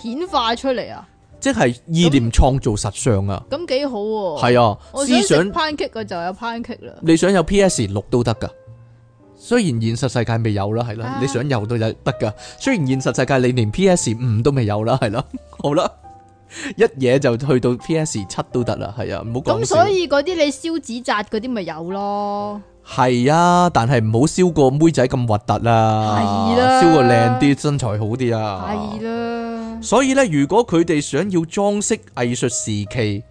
顯化出嚟啊！即係意念創造實相、嗯嗯、啊！咁幾好喎！係啊，思想番茄嘅就有番茄啦。你想有 PS6 都得噶，雖然現實世界未有啦，係啦、啊，啊、你想有都得得噶。雖然現實世界你連 PS5 都未有啦，係啦、啊，好啦。一嘢，就去到 P.S. 七都得啦。係啊，唔好講咁。所以嗰啲你燒紙紮嗰啲咪有咯？係啊，但係唔好燒個妹仔咁核突啦。係啦、啊，燒個靚啲，身材好啲啊。係啦、啊。所以呢，如果佢哋想要裝飾藝術時期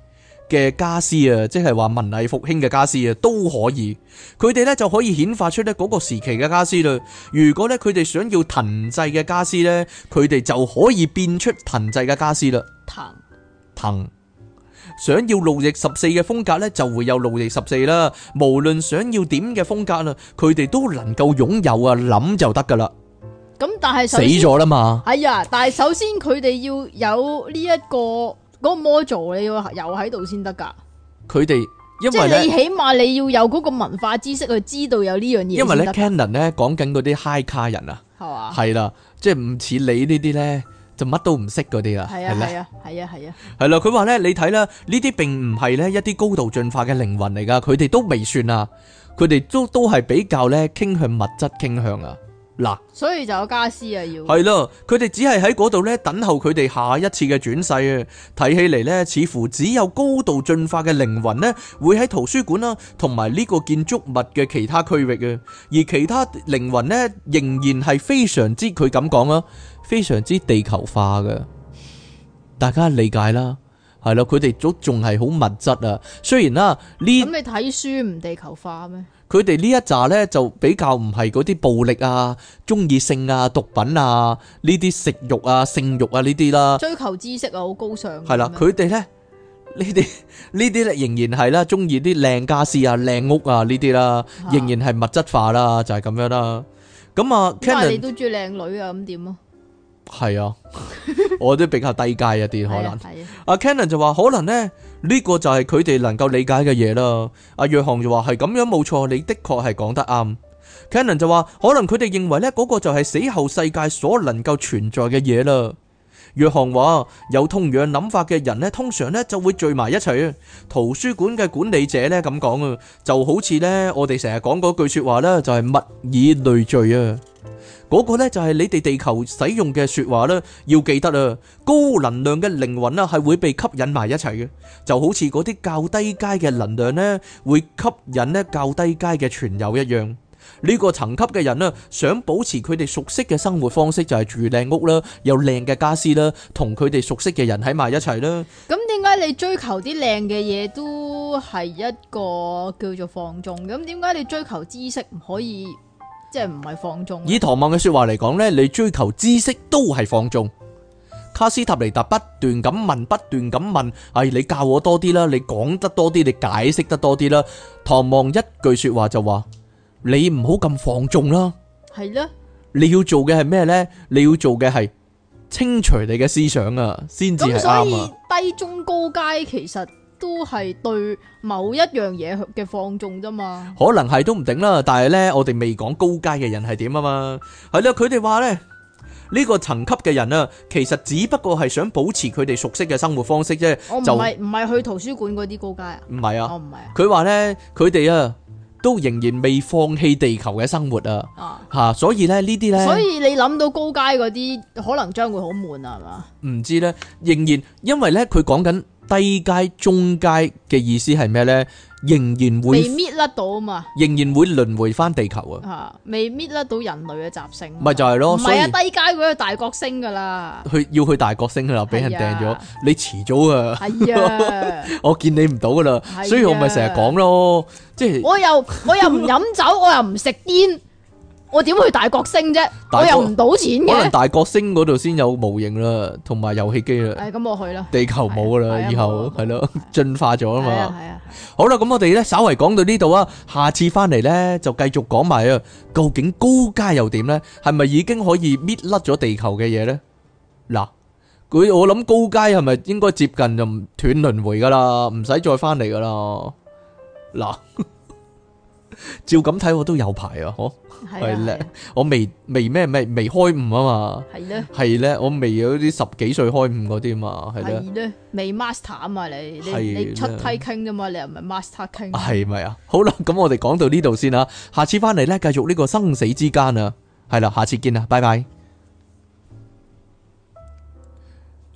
嘅家私啊，即係話文藝復興嘅家私啊，都可以。佢哋呢就可以顯化出呢嗰個時期嘅家私啦。如果呢，佢哋想要藤製嘅家私呢，佢哋就可以變出藤製嘅家私啦。騰騰騰，想要路易十四嘅風格咧，就會有路易十四啦。無論想要點嘅風格啦，佢哋都能夠擁有啊，諗就得噶啦。咁但係死咗啦嘛？係啊，但係首先佢哋要有呢、這、一個嗰個模型，你、那個、要又喺度先得噶。佢哋因為你起碼你要有嗰個文化知識去知道有呢樣嘢。因為咧，Canon 咧講緊嗰啲 High 卡人啊，係啊吧，係啦，即係唔似你呢啲咧。就乜都唔識嗰啲啊。係啊係啊係啊係啊，係啦佢話咧，你睇啦，呢啲並唔係咧一啲高度進化嘅靈魂嚟噶，佢哋都未算啊，佢哋都都係比較咧傾向物質傾向啊，嗱，所以就有家私啊要，係咯、啊，佢哋只係喺嗰度咧等候佢哋下一次嘅轉世啊，睇起嚟咧似乎只有高度進化嘅靈魂咧會喺圖書館啦、啊，同埋呢個建築物嘅其他區域啊，而其他靈魂咧仍然係非常之佢咁講啊。非常之地球化嘅，大家理解啦，係啦，佢哋都仲係好物質啊。雖然啦，呢咁你睇書唔地球化咩？佢哋呢一扎咧就比較唔係嗰啲暴力啊，中意性啊、毒品啊呢啲食欲啊、性欲啊呢啲啦。追求知識啊，好高尚。係啦，佢哋咧呢啲呢啲咧仍然係啦，中意啲靚家私啊、靚屋啊呢啲啦，仍然係物質化啦，就係咁樣啦。咁啊，但係你都中意靚女啊，咁點啊？係啊， 我都比較低階一啲 可能？阿、啊啊、Canon 就話可能呢，呢、呢個就係佢哋能夠理解嘅嘢啦。阿約翰就話係咁樣冇錯，你的確係講得啱。Canon 就話可能佢哋認為呢嗰、嗰個就係死後世界所能夠存在嘅嘢啦。約翰話：有同樣諗法嘅人咧，通常咧就會聚埋一齊啊！圖書館嘅管理者呢，咁講啊，就好似呢，我哋成日講嗰句說話呢，就係物以類聚啊！嗰個呢，就係你哋地球使用嘅說話啦，要記得啊！高能量嘅靈魂啦，係會被吸引埋一齊嘅，就好似嗰啲較低階嘅能量呢，會吸引咧較低階嘅傳友一樣。呢個層級嘅人呢，想保持佢哋熟悉嘅生活方式，就係住靚屋啦，有靚嘅家私啦，同佢哋熟悉嘅人喺埋一齊啦。咁點解你追求啲靚嘅嘢都係一個叫做放縱？咁點解你追求知識唔可以即係唔係放縱？以唐望嘅說話嚟講呢，你追求知識都係放縱。卡斯塔尼達不斷咁問，不斷咁問，哎，你教我多啲啦，你講得多啲，你解釋得多啲啦。唐望一句說話就話。你唔好咁放縱啦，係咧的，你要做嘅係咩呢？你要做嘅係清除你嘅思想啊，先至係啱啊！低中高階其實都係對某一樣嘢嘅放縱啫嘛，可能係都唔定啦。但係呢，我哋未講高階嘅人係點啊嘛，係啦，佢哋話呢，呢個層級嘅人啊，其實只不過係想保持佢哋熟悉嘅生活方式啫。就唔係唔係去圖書館嗰啲高階啊，唔係啊，佢話、啊、呢，佢哋啊。都仍然未放棄地球嘅生活啊！嚇、啊啊，所以咧呢啲咧，呢所以你諗到高階嗰啲，可能將會好悶啊，係嘛？唔知咧，仍然因為咧，佢講緊低階、中階嘅意思係咩咧？仍然會未搣甩到嘛？仍然會輪回翻地球啊！未搣甩到人類嘅習性，咪就係咯。唔係啊，低階嗰個大角星噶啦，去要去大角星噶啦，俾人掟咗，你遲早啊，我見你唔到噶啦，所以我咪成日講咯，即係我又我又唔飲酒，我又唔食煙。我點去大角星啫？我又唔賭錢嘅。可能大角星嗰度先有模型啦，同埋遊戲機啦。係咁，我去啦。地球冇啦，以後係咯，進化咗啊嘛。係啊係啊。好啦，咁我哋咧，稍微講到呢度啊，下次翻嚟咧就繼續講埋啊，究竟高階又點咧？係咪已經可以搣甩咗地球嘅嘢咧？嗱，佢我諗高階係咪應該接近就斷輪回噶啦？唔使再翻嚟噶啦？嗱。照咁睇我都有排啊，嗬係咧，我未未咩咩未開悟啊嘛，係咧係咧，我未有啲十幾歲開悟嗰啲嘛，係咧未 Master 啊嘛，你你出梯傾啫嘛，你又唔係 Master 傾，係咪啊？好啦，咁我哋講到呢度先啦，下次翻嚟咧繼續呢個生死之間啊，係啦，下次見啦，拜拜。